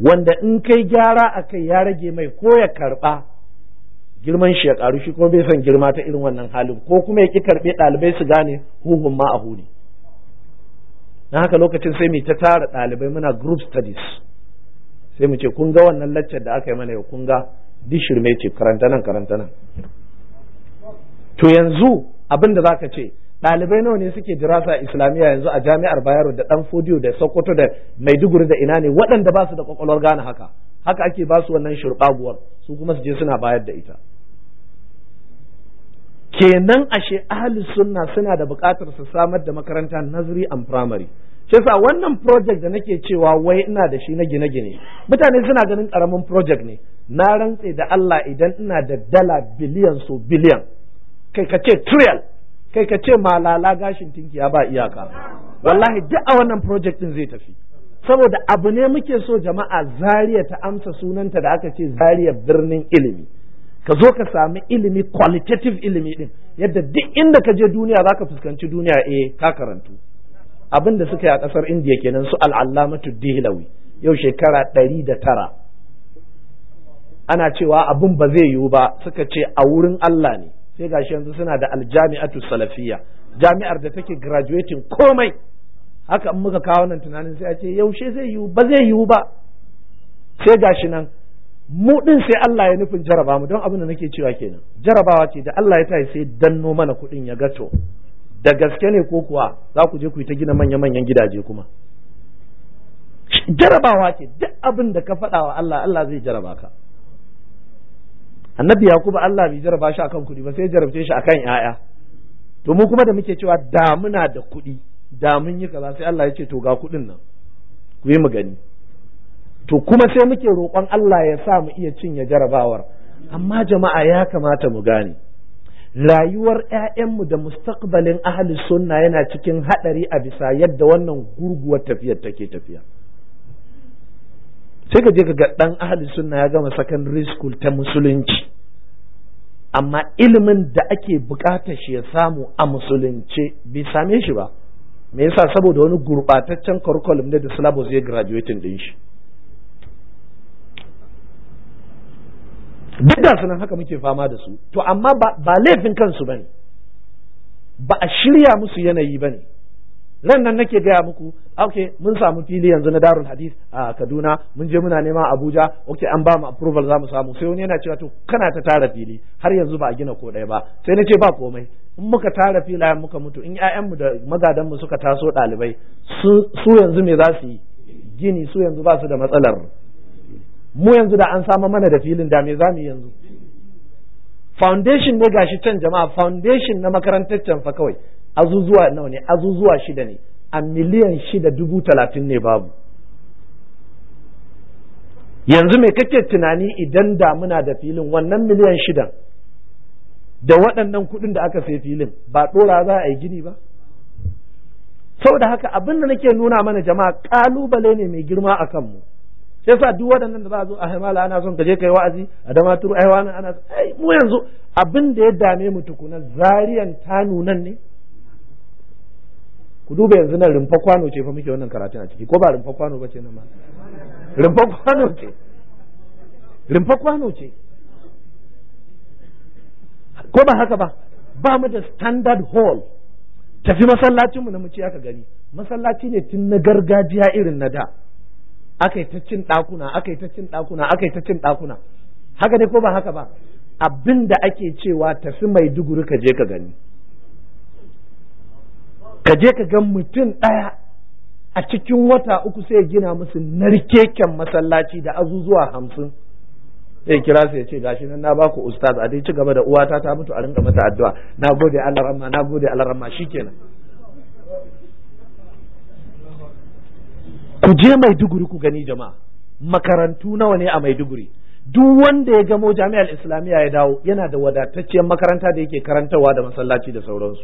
wanda in kai gyara a kai ya rage mai ko ya karɓa girman shi ya karu shi kuma bai son girma ta irin wannan halin ko kuma ya ki karbe ɗalibai su gane huhun ma a huni na haka lokacin sai mu ta tara ɗalibai muna group studies sai mu ce kun ga wannan laccar da aka yi mana yau kun ga shirme ce karanta nan karanta nan to yanzu abin da zaka ce ɗalibai nawa ne suke dirasa islamiyya yanzu a jami'ar bayero da dan fodiyo da sokoto da maiduguri da ina ne waɗanda ba su da kwakwalwar gane haka haka ake ba su wannan shurɓaguwar su kuma su je suna bayar da ita kenan ashe ahli sunna suna da buƙatar su samar da makaranta nazari and primary shi sa wannan project da nake cewa wai ina da shi na gine-gine mutane suna ganin ƙaramin project ne na rantse da Allah idan ina da dala biliyan so biliyan kai ka ce trial kai ka ce malala gashin tinkiya ba iyaka wallahi duk a wannan project din zai tafi saboda abu ne muke so jama'a Zaria ta amsa sunanta da aka ce Zariya birnin ilimi ka zo ka sami ilimi qualitative ilimi din yadda duk inda ka je duniya zaka fuskanci duniya eh ka karantu abin da suka yi a ƙasar indiya kenan su al'allamatu dihlawi yau shekara ɗari da tara ana cewa abin ba zai yiwu ba suka ce a wurin Allah ne sai gashi yanzu suna da aljami'atu salafiyya jami'ar da take graduating komai haka in muka kawo nan tunanin sai a ce yaushe zai yiwu ba zai yiwu ba sai gashi nan mu din sai Allah ya nufin jaraba mu don abin da nake cewa kenan jarabawa ce da Allah ya tayi sai danno mana kuɗin ya gato da gaske ne ko kuwa za ku je ku yi ta gina manya-manyan gidaje kuma jarabawa ce duk abin da ka faɗa wa Allah Allah zai jaraba ka annabi yakubu Allah bai jaraba shi akan kuɗi ba sai jarabce shi akan yaya to mu kuma da muke cewa da muna da kuɗi da mun yi kaza sai Allah ya ce to ga kuɗin nan ku yi mu gani to kuma sai muke roƙon Allah ya sa mu iya cinye jarabawar amma jama'a ya kamata mu gane rayuwar 'ya'yanmu da mustaqbalin ahli sunna yana cikin haɗari a bisa yadda wannan gurguwar tafiyar take tafiya sai ka je ka ga ɗan ahli sunna ya gama secondary school ta musulunci amma ilimin da ake buƙatar shi ya samu a musulunce bai same shi ba me yasa saboda wani gurɓataccen curriculum ne da syllabus ya graduating din shi duk da sunan haka muke fama da su to amma ba laifin kansu ba ne ba a shirya musu yanayi ba ne ran nan nake gaya muku ok mun samu fili yanzu na darul hadis a kaduna mun je muna nema abuja ok an ba mu approval za mu samu sai wani yana cewa to kana ta tara fili har yanzu ba a gina ko ɗaya ba sai na ce ba komai in muka tara filayen muka mutu in mu da magadanmu suka taso ɗalibai su yanzu me za su yi gini su yanzu ba su da matsalar mu yanzu da an samu mana da filin da me za mu yanzu foundation ne gashi can jama'a foundation na makarantar can fa kawai azuzuwa nawa ne azuzuwa shida ne a miliyan shida dubu talatin ne babu yanzu me kake tunani idan da muna da filin wannan miliyan shidan da waɗannan kuɗin da aka sai filin ba ɗora za a yi gini ba saboda haka abin da nake nuna mana jama'a ƙalubale ne mai girma a kanmu shi yasa duk waɗannan da za a zo a hamala ana son je kai wa'azi a dama turu ai wani ana ai mu yanzu abin da ya dame mu tukuna zariyan ta nunan ne ku duba yanzu nan rumfa kwano ce fa muke wannan karatun a ciki ko ba rumfa kwano ba ce nan ma rumfa kwano ce rumfa kwano ce ko ba haka ba ba mu da standard hall tafi masallacinmu na muci aka gani masallaci ne tun na gargajiya irin na da aka yi ta cin ɗakuna aka yi ta cin ɗakuna aka yi ta cin ɗakuna haka ne ko ba haka ba abin da ake cewa tafi mai duguri ka je ka gani ka je ka ga mutum ɗaya a cikin wata uku sai gina musu narkeken masallaci da azuzuwa hamsin sai kira su ya ce gashi nan na baku ustaz a dai ci gaba da uwata ta mutu a rinka mata addu'a na gode Allah ramma na gode Allah ramma shikenan ku je maiduguri ku gani jama'a makarantu nawa ne a maiduguri duk wanda ya gamo jami'ar islamiyya ya dawo yana da wadatacciyar makaranta da yake karantarwa da masallaci da sauransu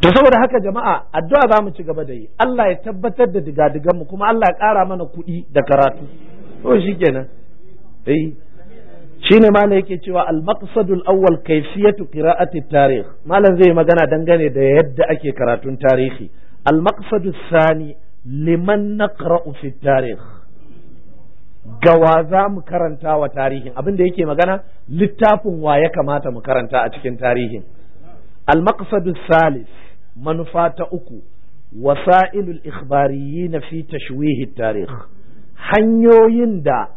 to saboda haka jama'a addu'a za mu ci gaba da yi Allah ya tabbatar da diga mu kuma Allah ya ƙara mana kuɗi da karatu to shikenan eh shine ma yake cewa al-maqsadul awwal kayfiyatu qira'ati tarikh malam zai magana dangane da yadda ake karatun tarihi al-maqsadus sani liman naqra'u fi tarikh gawa za mu karanta wa tarihin abin da yake magana littafin wa ya kamata mu karanta a cikin tarihin al-maqsadus salis manufa ta uku wasa'ilul ikhbariyyin fi tashwihi tarikh hanyoyin da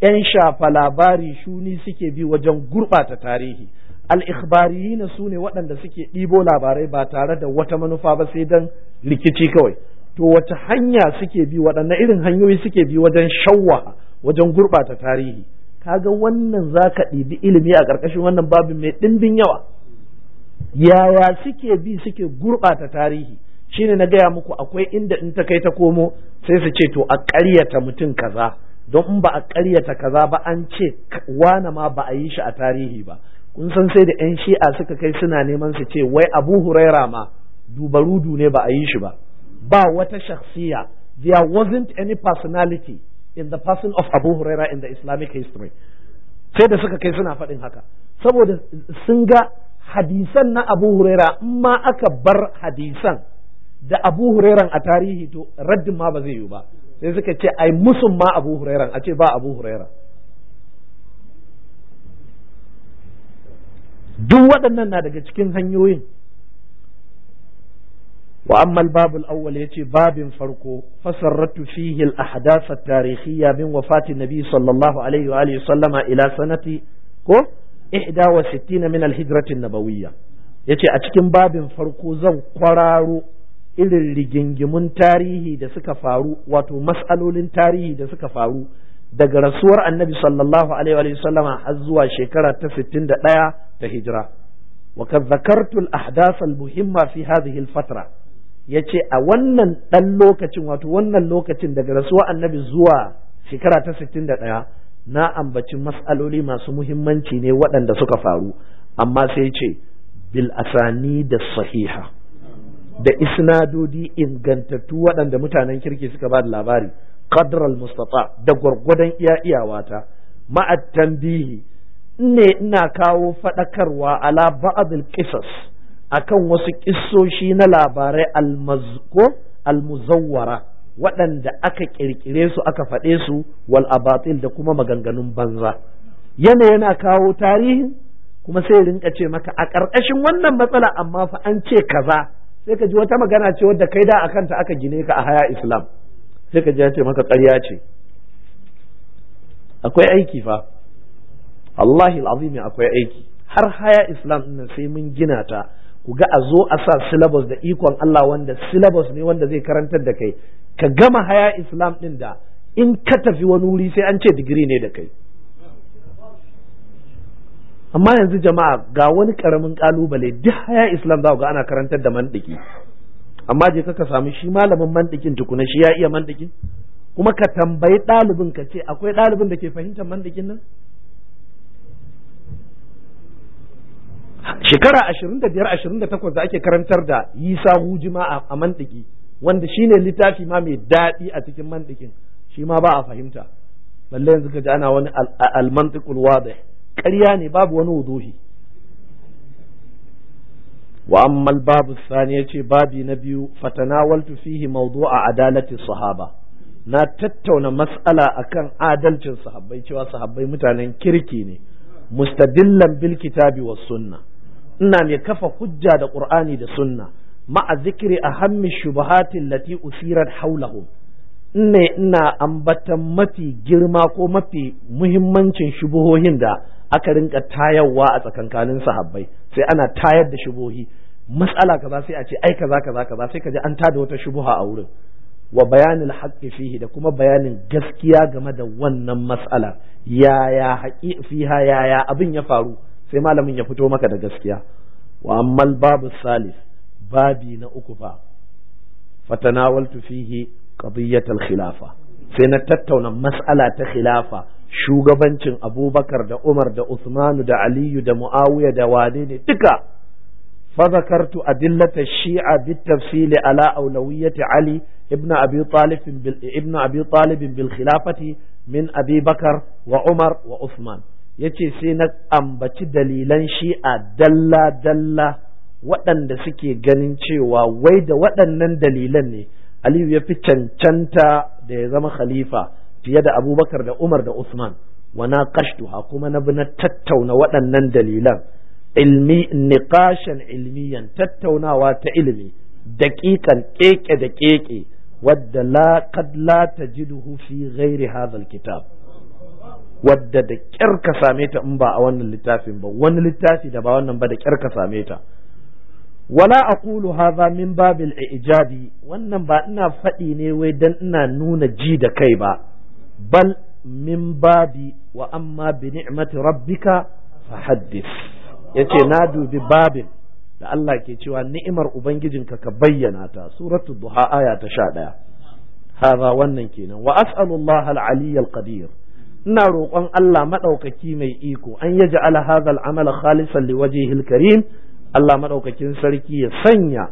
'yan shafa labari shuni suke bi wajen gurɓata tarihi al na su ne waɗanda suke ɗibo labarai ba tare da wata manufa ba sai don rikici kawai to wata hanya suke bi waɗanne irin hanyoyi suke bi wajen shawwa wajen gurɓata tarihi kaga wannan za ka ɗibi ilimi a ƙarƙashin wannan babu mai ɗimbin yawa yaya suke bi suke gurɓata tarihi shine na gaya muku akwai inda in ta kai ta komo sai su ce to a ƙaryata mutum kaza don in ba a karyata kaza ba an ce wane ma ba a yi shi a tarihi ba kun san sai da 'yan shi'a suka kai suna neman su ce wai abu huraira ma dubarudu ne ba a yi shi ba ba wata shakhsiya there wasn't any personality in the person of abu huraira in the islamic history sai da suka kai suna faɗin haka saboda sun ga hadisan na abu huraira in ma aka bar hadisan da abu hurairan a tarihi to raddin ma ba zai yiwu ba sai suka ce ai musun ma abu hurairan a ce ba abu huraira duk waɗannan na daga cikin hanyoyin wa ammal babul awwal yace babin farko fasarratu fihi al ahdath at tarihiyya min wafati nabi sallallahu alaihi wa alihi sallama ila sanati ko 61 min al hijrat an nabawiyya yace a cikin babin farko zan kwararo irin rigingimun tarihi da suka faru wato mas'alolin tarihi da suka faru daga rasuwar annabi sallallahu alaihi wa sallama har zuwa shekara ta 61 ta hijira wa kad zakartu al ahdath al muhimma fi hadhihi al fatra yace a wannan dan lokacin wato wannan lokacin daga rasuwar annabi zuwa shekara ta 61 na ambaci mas'aloli masu muhimmanci ne waɗanda suka faru amma sai ce bil asani da sahiha da isnadodi ingantattu waɗanda mutanen kirki suka ba da labari qadral mustafa da gwargwadon iya iyawata ma'at tambihi ne ina kawo faɗakarwa ala ba'dil qisas akan wasu kissoshi na labarai almazko almuzawwara waɗanda aka ƙirƙire su aka faɗe su wal abatil da kuma maganganun banza yana yana kawo tarihin kuma sai rinka ce maka a ƙarƙashin wannan matsala amma fa an ce kaza sai ka ji wata magana ce wadda kai da akanta kanta aka gine ka a haya islam sai ka ji ya ce maka karya ce akwai aiki fa Allahi al'azimi akwai aiki har haya islam nan sai mun gina ta ku ga a zo a sa syllabus da ikon Allah wanda syllabus ne wanda zai karantar da kai ka gama haya islam ɗin da in ka tafi wani wuri sai an ce digiri ne da kai amma yanzu jama'a ga wani karamin kalubale duk haya islam za ga ana karantar da mandiki amma je ka samu shi malamin mandikin tukuna shi ya iya mandikin kuma ka tambayi ɗalibin ka ce akwai ɗalibin da ke fahimtar mandikin nan shekara ashirin da biyar ashirin da takwas da ake karantar da yisa hujima a mandiki wanda shine littafi ma mai daɗi a cikin mandikin shi ma ba a fahimta balle yanzu ka ji ana wani al-mantiqul wadih ƙarya ne babu wani wuduhi wa ammal babu sani ya ce babi na biyu fatanawaltu fihi a adalatin sahaba na tattauna mas'ala akan adalcin sahabbai cewa sahabbai mutanen kirki ne mustadillan bil kitabi sunna ina mai kafa hujja da qur'ani da sunna ma'a zikri ahammi shubuhatin lati'u usirat haulahum ne ina ambatan mafi girma ko mafi muhimmancin shubuhohin da aka rinka tayarwa a tsakankanin sahabbai sai ana tayar da shubuhi matsala za sai a ce ai za ka za sai ka ji an ta da wata shubuha a wurin wa bayanin haƙƙi fihi da kuma bayanin gaskiya game da wannan matsala yaya haƙi fiha yaya abin ya faru sai malamin ya fito maka da gaskiya wa ammal babu salis babi na uku fa fatanawaltu fihi qadiyatul khilafa sai na tattauna matsala ta khilafa shugabancin abubakar da umar da usmanu da aliyu da muawiya da wane ne duka فذكرت أدلة الشيعة بالتفصيل على أولوية علي ابن أبي طالب ابن أبي طالب بالخلافة من أبي بكر وعمر وعثمان yace sai na ambaci dalilan shi'a dalla dalla waɗanda suke ganin cewa wai da waɗannan dalilan ne aliyu ya fi cancanta da ya zama khalifa fiye da abubakar da umar da usman wana kashtuha kuma na bi na tattauna waɗannan dalilan ilmi niqashan ilmiyan tattaunawa ta ilimi daƙiƙan ƙeƙe da ƙeƙe wadda la kad la duhu fi ghairi hadha kitab wadda da kyar ka same ta in ba a wannan littafin ba wani littafi da ba wannan ba da kyar ka same ta wala aqulu hadha min babil ijabi wannan ba ina faɗi ne wai dan ina nuna ji da kai ba bal min babi wa amma bi ni'mati rabbika haddis yace na dubi babin da Allah ke cewa ni'imar ubangijin ka bayyana ta suratu duha aya ta 11 hadha wannan kenan wa as'alullaha al-aliyyal qadir ina roƙon Allah maɗaukaki mai iko an ya ja'ala hadha al-amala khalisan liwajhihil karim Allah maɗaukakin sarki ya sanya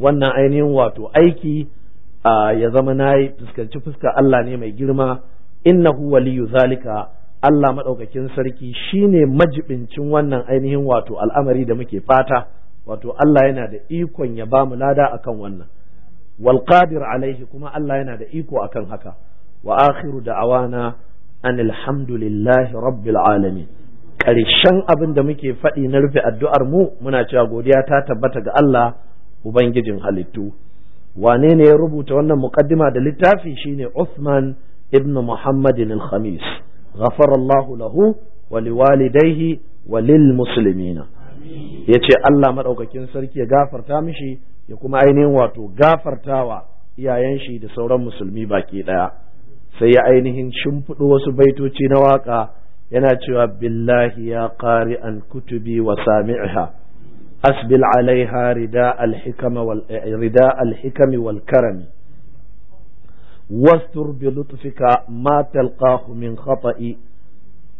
wannan ainihin wato aiki ya zama na fuskanci fuska Allah ne mai girma innahu waliyu zalika Allah maɗaukakin sarki shine majibincin wannan ainihin wato al'amari da muke fata wato Allah yana da ikon ya ba mu lada akan wannan wal qadir alaihi kuma Allah yana da iko akan haka wa akhiru da'awana anil hamdulillahi rabbil alamin ƙarshen abin da muke faɗi na rufe addu'ar mu muna cewa godiya ta tabbata ga Allah ubangijin halittu wane ne ya rubuta wannan muƙaddima da littafi shine Uthman ibn Muhammadin al-Khamis ghafarallahu lahu wa liwalidayhi wa lil Ya yace Allah madaukakin sarki ya gafarta mishi ya kuma ainihin wato gafartawa iyayen shi da sauran musulmi baki ɗaya. sai ya ainihin shimfiɗo wasu baitoci na waka yana cewa billahi ya qari an kutubi wa sami'ha asbil alaiha rida alhikami wal karami wastur bi lutfika ma talqahu min khata'i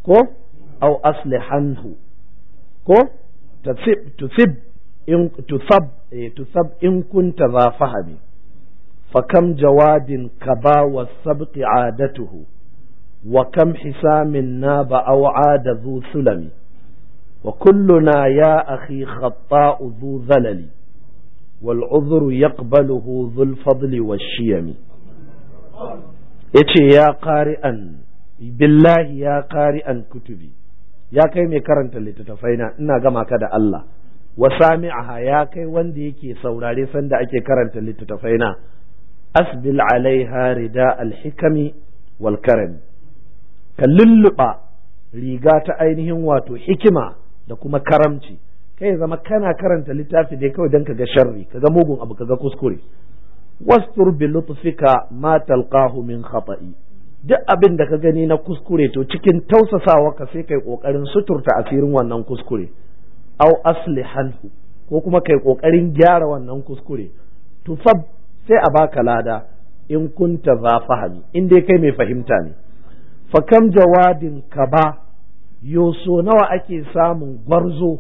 ko aw aslihanhu ko tusib tusib in tusab eh, tusab in kunta za fahami fakam jawadin kaba wa sabqi adatuhu wa kam hisamin na ba'awa da zu sulami wa kulluna ya akhi khatta'u zu zalali wal uzru yaqbaluhu dhul fadli washiyami yace ya qari'an billahi ya qari'an kutubi ya kai mai karanta littattafai na ina gama ka da Allah wa sami'aha ya kai wanda yake saurare sanda ake karanta littattafai na asbil alaiha rida alhikami wal karami ka lulluɓa riga ta ainihin wato hikima da kuma karamci kai ya zama kana karanta littafi dai kawai don ka ga sharri ka ga mugun abu ka ga kuskure wastur bi lutfika ma talqahu min khata'i duk abin da ka gani na kuskure to cikin tausasawa ka sai kai kokarin suturta asirin wannan kuskure au aslihanhu ko kuma kai kokarin gyara wannan kuskure tufaf sai a baka lada in kunta za in dai kai mai fahimta ne fakam jawabin ka ba yoso nawa ake samun gwarzo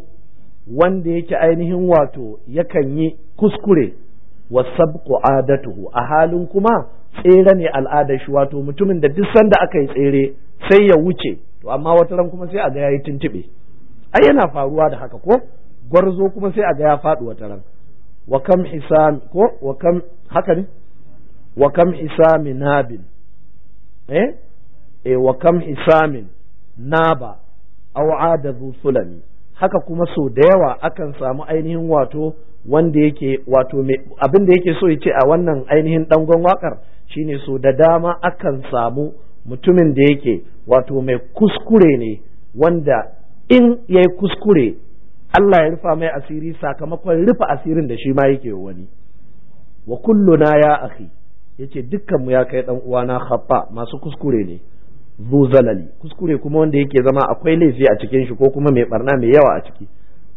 wanda yake ainihin wato yakan yi kuskure wa sabqu adatuhu a halin kuma tsere ne al'adar shi wato mutumin da duk sanda aka yi tsere sai ya wuce to amma wata ran kuma sai a ga yayi tuntube ai yana faruwa da haka ko gwarzo kuma sai a ga ya faɗi wata ran wa kam hisam ko wa kam haka ne wa kam nabin eh e wa kam hisamin naba aw ada sulami haka kuma so da yawa akan samu ainihin wato wanda yake wato abin da yake so ya ce a wannan ainihin dangon wakar shine so da dama akan samu mutumin da yake wato mai kuskure ne wanda in yayi kuskure Allah ya rufa mai asiri sakamakon rufe asirin da shi ma yake wani wa kulluna ya akhi yace dukkanmu ya kai dan uwana khaffa masu kuskure ne zu kuskure kuma wanda yake zama akwai laifi a cikin shi ko kuma mai barna mai yawa a ciki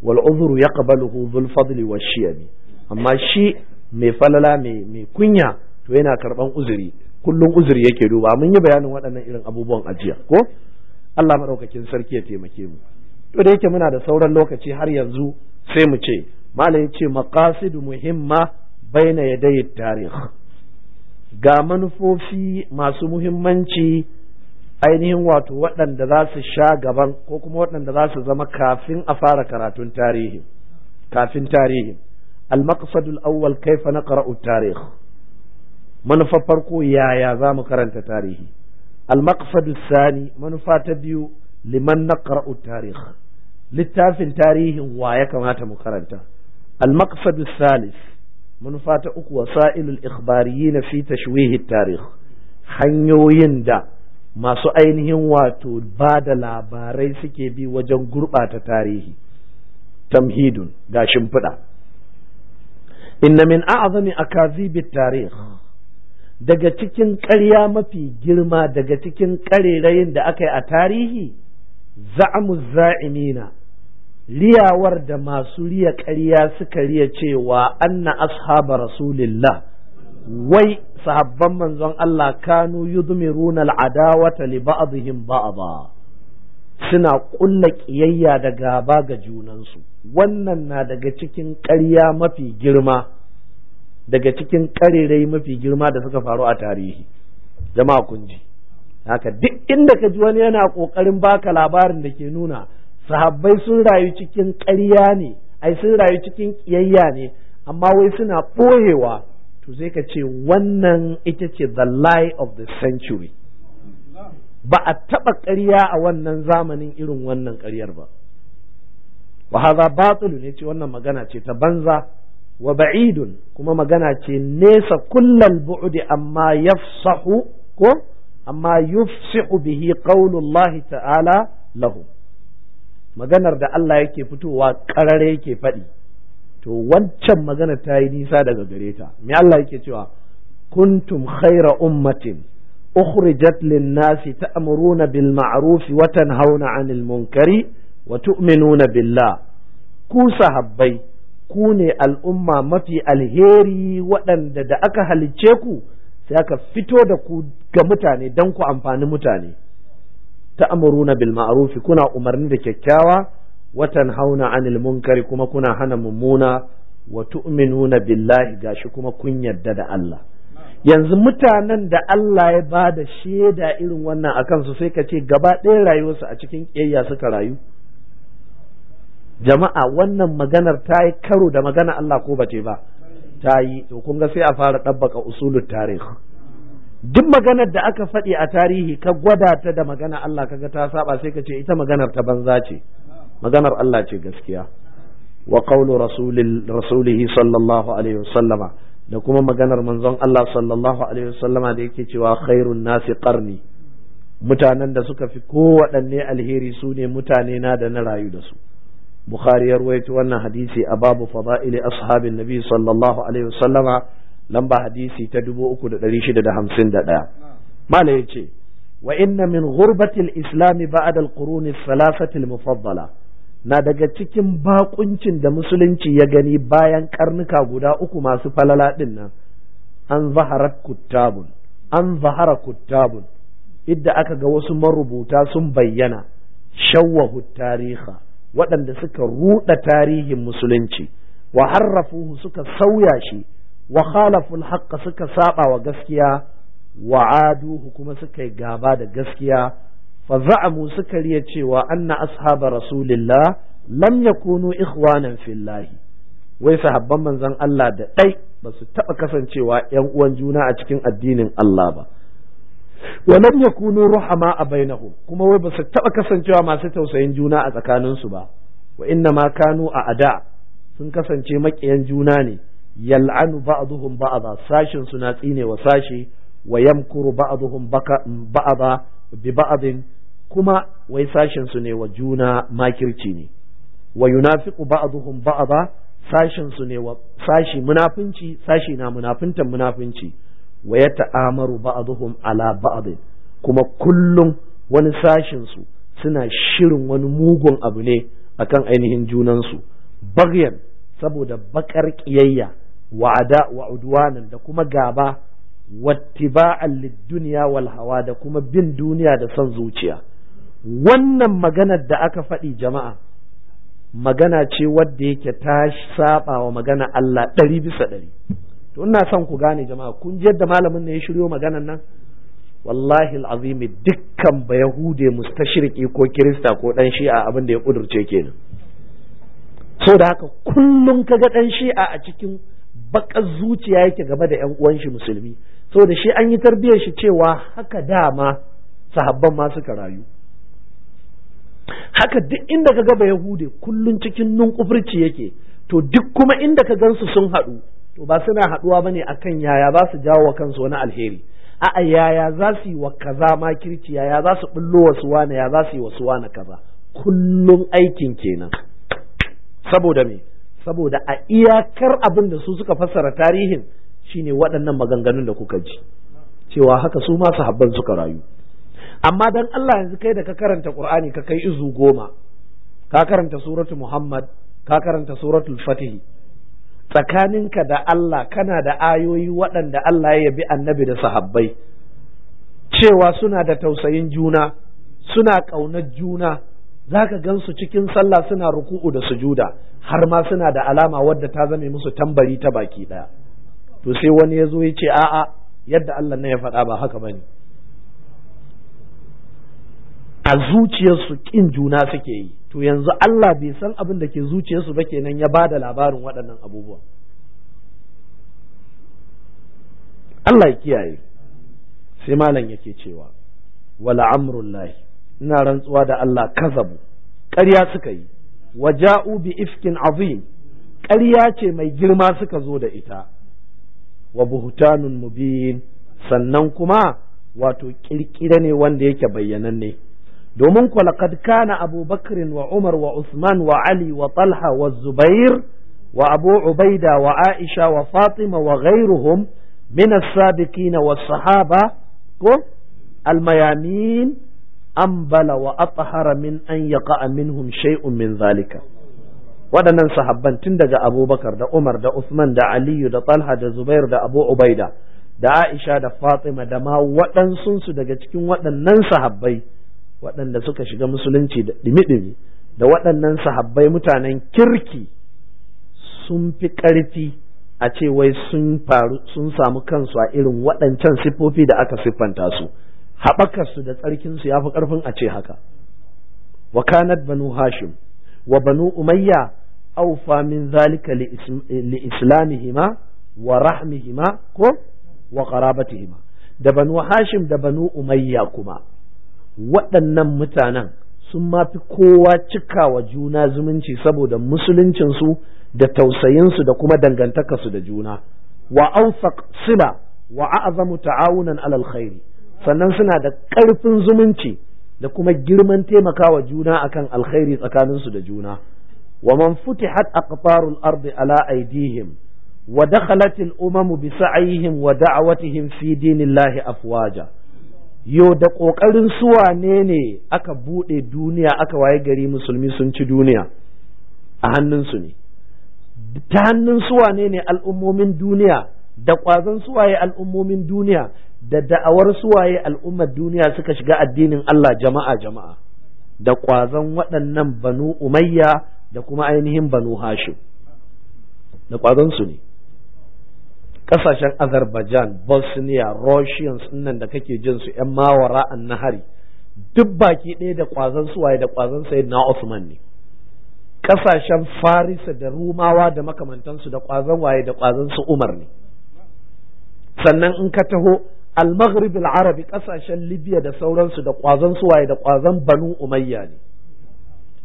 wal uzru yaqbaluhu dhul fadli washiyabi amma shi mai falala mai kunya to yana karban uzuri kullum uzuri yake duba mun yi bayanin waɗannan irin abubuwan ajiya ko Allah madaukakin sarki ya taimake mu to da yake muna da sauran lokaci har yanzu sai mu ce malam ya ce maqasid muhimma baina yadayi tarikh ga manufofi masu muhimmanci ainihin wato waɗanda za su sha gaban ko kuma waɗanda za su zama kafin a fara karatun tarihi kafin tarihi al-maqsad awwal kaifa naqra'u tarikh manufa farko yaya za mu karanta tarihi al-maqsad thani manufa ta biyu liman naqra'u tarikh littafin tarihin wa ya kamata mu karanta al-maqsad thalith manufa ta uku wasailul ikhbariyina fi tashwihi at hanyoyin da masu ainihin wato ba da labarai suke bi wajen gurɓata tarihi tamhidun ga shimfiɗa inna min a'azami akazibi tarih daga cikin ƙarya mafi girma daga cikin ƙarerayin da aka yi a tarihi za'amu za'imina riyawar da masu riya ƙarya suka riya cewa anna ashaba rasulillah wai sahabban manzon Allah kanu yudmiruna al'adawata li ba'dihim ba'da suna ƙulla ƙiyayya da gaba ga junansu wannan na daga cikin ƙarya mafi girma daga cikin ƙarerai mafi girma da suka faru a tarihi jama'a kun ji haka duk inda ka ji wani yana ƙoƙarin baka labarin da ke nuna sahabbai sun rayu cikin ƙarya ne ai sun rayu cikin ƙiyayya ne amma wai suna ɓoyewa to zai ka ce wannan ita ce the lie of the century ba a taɓa ƙarya a wannan zamanin irin wannan ƙaryar ba wa haza batilu ne ce wannan magana ce ta banza wa ba'idun kuma magana ce nesa kullal bu'di amma yafsahu ko amma yufsihu bihi qaulullahi ta'ala lahu maganar da Allah yake fitowa ƙarare yake faɗi to wancan magana ta yi nisa daga gare ta me Allah yake cewa kuntum khaira ummatin ukhrijat lin-nasi ta'muruna bil ma'ruf wa tanhauna 'anil munkari wa tu'minuna billah ku sahabbai ku ne al'umma mafi alheri waɗanda da aka halicce ku sai aka fito da ku ga mutane don ku amfani mutane ta'muruna bil ma'ruf kuna umarni da kyakkyawa watan hauna anil munkari kuma kuna hana mummuna wa tu'minuna billahi gashi kuma kun yarda da Allah yanzu mutanen da Allah ya ba da shaida irin wannan a kansu sai ka ce gaba ɗaya rayuwarsu a cikin ƙiyayya suka rayu jama'a wannan maganar ta yi karo da magana Allah ko bace ba ta yi to kun ga sai a fara ɗabbaka usulun tarihi duk maganar da aka faɗi a tarihi ka gwada ta da magana Allah kaga ta saba sai ka ce ita maganar ta banza ce maganar Allah ce gaskiya wa qawlu rasulihi sallallahu alaihi wasallama da kuma maganar manzon Allah sallallahu alaihi wasallama da yake cewa khairun nasi qarni mutanen da suka fi kowaɗanne alheri su ne mutane na da na rayu da su bukhari ya ruwaito wannan hadisi a babu fada'ili ashabin nabi sallallahu alaihi wasallama lamba hadisi ta 3651 mala yace wa inna min ghurbatil islam ba'da al-qurun al-thalathati al-mufaddala na daga cikin bakuncin da musulunci ya gani bayan karnuka guda uku masu falala ɗin nan an zahara kuttabun an zahara kuttabun idda aka ga wasu marubuta sun bayyana shawwahu tariha waɗanda suka ruɗa tarihin musulunci wa harrafuhu suka sauya shi wa khalaful haqqa suka saba wa gaskiya wa aduhu kuma suka yi gaba da gaskiya fa za'amu suka riya cewa anna ashaba rasulillah lam yakunu ikhwanan fillahi wai sahabban manzon Allah da dai ba su taɓa kasancewa ‘yan uwan juna a cikin addinin Allah ba. Walam ya kunu ruhama a bainahu kuma wai ba su taɓa kasancewa masu tausayin juna a tsakaninsu ba, wa inna ma kanu a ada sun kasance maƙiyan juna ne, yal'anu ba'aduhum ba'ada sashin suna tsine wa sashe wa yamkuru ba'aduhum ba'ada bi ba'adin kuma wai sashensu su ne wa juna makirci ne wa yunafiqu ba'dhum ba'dha sashin su ne wa sashi munafinci sashi na munafintan munafinci wa yata'amaru ba'dhum ala ba'd kuma kullum wani sashin su suna shirin wani mugun abu ne akan ainihin junansu bagyan saboda bakar kiyayya wa'ada wa udwanan da kuma gaba wattiba'an lid-dunya wal hawa da kuma bin duniya da son zuciya wannan maganar da aka faɗi jama'a magana ce wadda yake ta saba wa magana Allah ɗari bisa ɗari to ina son ku gane jama'a kun ji yadda malamin ne ya shiryo maganar nan wallahi al'azim dukkan ba yahude mustashriki ko kirista ko ɗan shi'a abin da ya kudurce kenan So da haka kullum ka ga ɗan shi'a a cikin bakar zuciya yake gaba da yan uwan shi musulmi da shi an yi tarbiyyar shi cewa haka dama sahabban ma suka rayu haka duk inda ka gaba yahude kullun cikin nunkufurci yake to duk kuma inda ka gansu sun haɗu to ba suna haɗuwa bane akan yaya za su jawo wa kansu wani alheri a'a yaya za su yi wa kaza ma kirci yaya za su bullo wasu wane ya za su yi wasu wane kaza kullum aikin kenan saboda me saboda a iyakar abin da su suka fassara tarihin shine waɗannan maganganun da kuka ji cewa haka su ma sahabban suka rayu amma dan Allah yanzu kai da ka karanta Qur'ani ka kai izu goma ka karanta suratu Muhammad ka karanta suratul Fatih tsakaninka da Allah kana da ayoyi waɗanda Allah ya yabi annabi da sahabbai cewa suna da tausayin juna suna ƙaunar juna zaka ka gan su cikin sallah suna ruku'u da sujuda har ma suna da alama wadda ta zame musu tambari ta baki ɗaya to sai wani ya zo ya ce a'a yadda Allah ne ya faɗa ba haka bane a zuciyarsu kin juna suke yi to yanzu Allah bai san abin da ke zuciyarsu ba kenan ya bada labarin waɗannan abubuwa Allah ya kiyaye sai malam yake cewa wala amrullahi ina rantsuwa da Allah kazabu ƙarya suka yi waja'u bi ifkin azim ƙarya ce mai girma suka zo da ita wa buhtanun mubin sannan kuma wato kirkira ne wanda yake bayyananne domin kuwa laqad kana Abu Bakr wa Umar wa Usman wa Ali wa Talha wa Zubair wa Abu Ubaida wa Aisha wa Fatima wa ghairuhum min as-sabiqin wa sahaba ko al-mayamin ambala wa athhara min an yaqa minhum shay'un min zalika waɗannan sahabban tun daga abubakar da umar da usman da aliyu da talha da zubair da abu ubaida da aisha da fatima da ma waɗansunsu daga cikin waɗannan sahabbai waɗanda suka shiga musulunci da ɗimi-ɗimi da waɗannan sahabbai mutanen kirki sun fi ƙarfi a ce wai sun faru sun samu kansu a irin waɗancan siffofi da aka siffanta su haɓakarsu da tsarkinsu ya fi ƙarfin a ce haka wa kanat banu hashim wa banu umayya aufa min zalika li islamihima wa rahmihima ko wa qarabatihima da banu hashim da banu umayya kuma waɗannan mutanen sun mafi kowa cika wa juna zumunci saboda musuluncinsu da tausayinsu da kuma dangantakarsu da juna wa awsaq sila wa a'azamu ta'awunan alal khairi sannan suna da ƙarfin zumunci da kuma girman taimakawa juna akan alkhairi tsakaninsu da juna wa man futihat aqtarul ardi ala aidihim wa dakhalat al umam bi sa'yihim wa da'awatihim fi dinillahi afwaja yo da ƙoƙarin su ne ne aka buɗe duniya aka waye gari musulmi sun ci duniya a hannunsu ne ta hannun su ne ne al'ummomin duniya da ƙwazon suwaye al'ummomin duniya da da'awar suwaye al'ummar duniya suka shiga addinin Allah jama'a jama'a da ƙwazon waɗannan banu umayya da kuma ainihin banu hashim da ƙwazon su ne kasashen azerbaijan bosnia russians nan da kake jin su yan mawara an nahari duk baki ɗaya da kwazon suwaye da kwazon sai na osman ne kasashen farisa da rumawa da makamantansu da kwazon waye da kwazon su umar ne sannan in ka taho al-maghrib al-arabi kasashen libya da sauransu da kwazon suwaye da kwazon banu umayya ne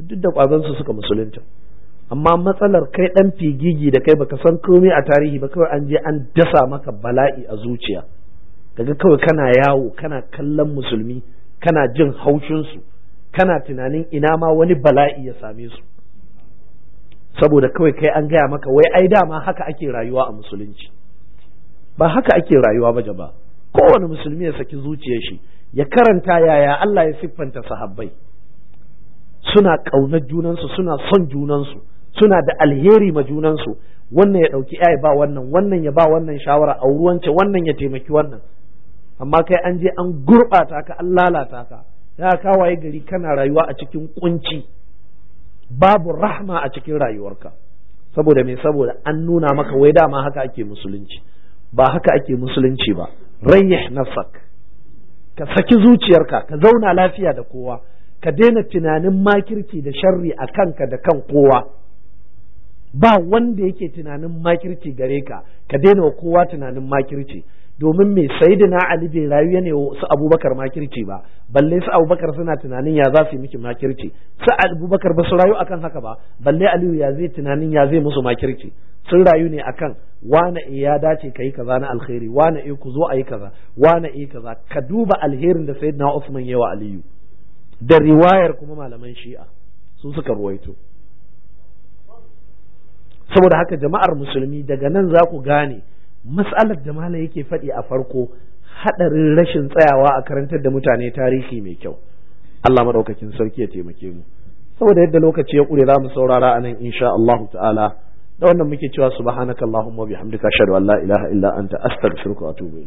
duk da kwazon su suka musulunta amma matsalar kai ɗan figigi da kai baka san komai a tarihi ba kawai an je an dasa maka bala'i a zuciya Daga kawai kana yawo kana kallon musulmi kana jin haushin kana tunanin ina ma wani bala'i ya same su saboda kawai kai an gaya maka wai ai dama haka ake rayuwa a musulunci ba haka ake rayuwa ba jaba kowane musulmi ya saki zuciyar shi ya karanta yaya Allah ya siffanta sahabbai suna ƙaunar junansu suna son junansu suna da alheri ma junansu wannan ya ɗauki ya ba wannan wannan ya ba wannan shawara a ruwance wannan ya taimaki wannan amma kai an je an gurɓata ka an lalata ka ya kawaye gari kana rayuwa a cikin kunci babu rahma a cikin rayuwarka saboda me saboda an nuna maka wai dama haka ake musulunci ba haka ake musulunci ba rayyih nafsak ka saki zuciyarka ka zauna lafiya da kowa ka daina tunanin makirci da sharri a kanka da kan kowa ba wanda yake tunanin makirci gare ka ka daina wa kowa tunanin makirci domin me na ali bai rayu ne su abubakar makirci ba balle su abubakar suna tunanin ya za su yi miki makirci su abubakar ba su rayu akan haka ba balle aliyu ya zai tunanin ya zai musu makirci sun rayu ne akan wane eh, ya dace ka yi kaza na alheri wane e ku zo a yi kaza wane e kaza ka duba alherin da na usman yawa aliyu da riwayar kuma malaman shi'a su suka ruwaito saboda haka jama'ar musulmi daga nan za ku gane matsalar da malam yake faɗi a farko haɗarin rashin tsayawa a karantar da mutane tarihi mai kyau Allah maɗaukakin sarki ya taimake mu saboda yadda lokaci ya ƙure za mu saurara a nan insha Allah ta'ala da wannan muke cewa subhanakallahumma bihamdika ashhadu an la ilaha illa anta astaghfiruka wa atubu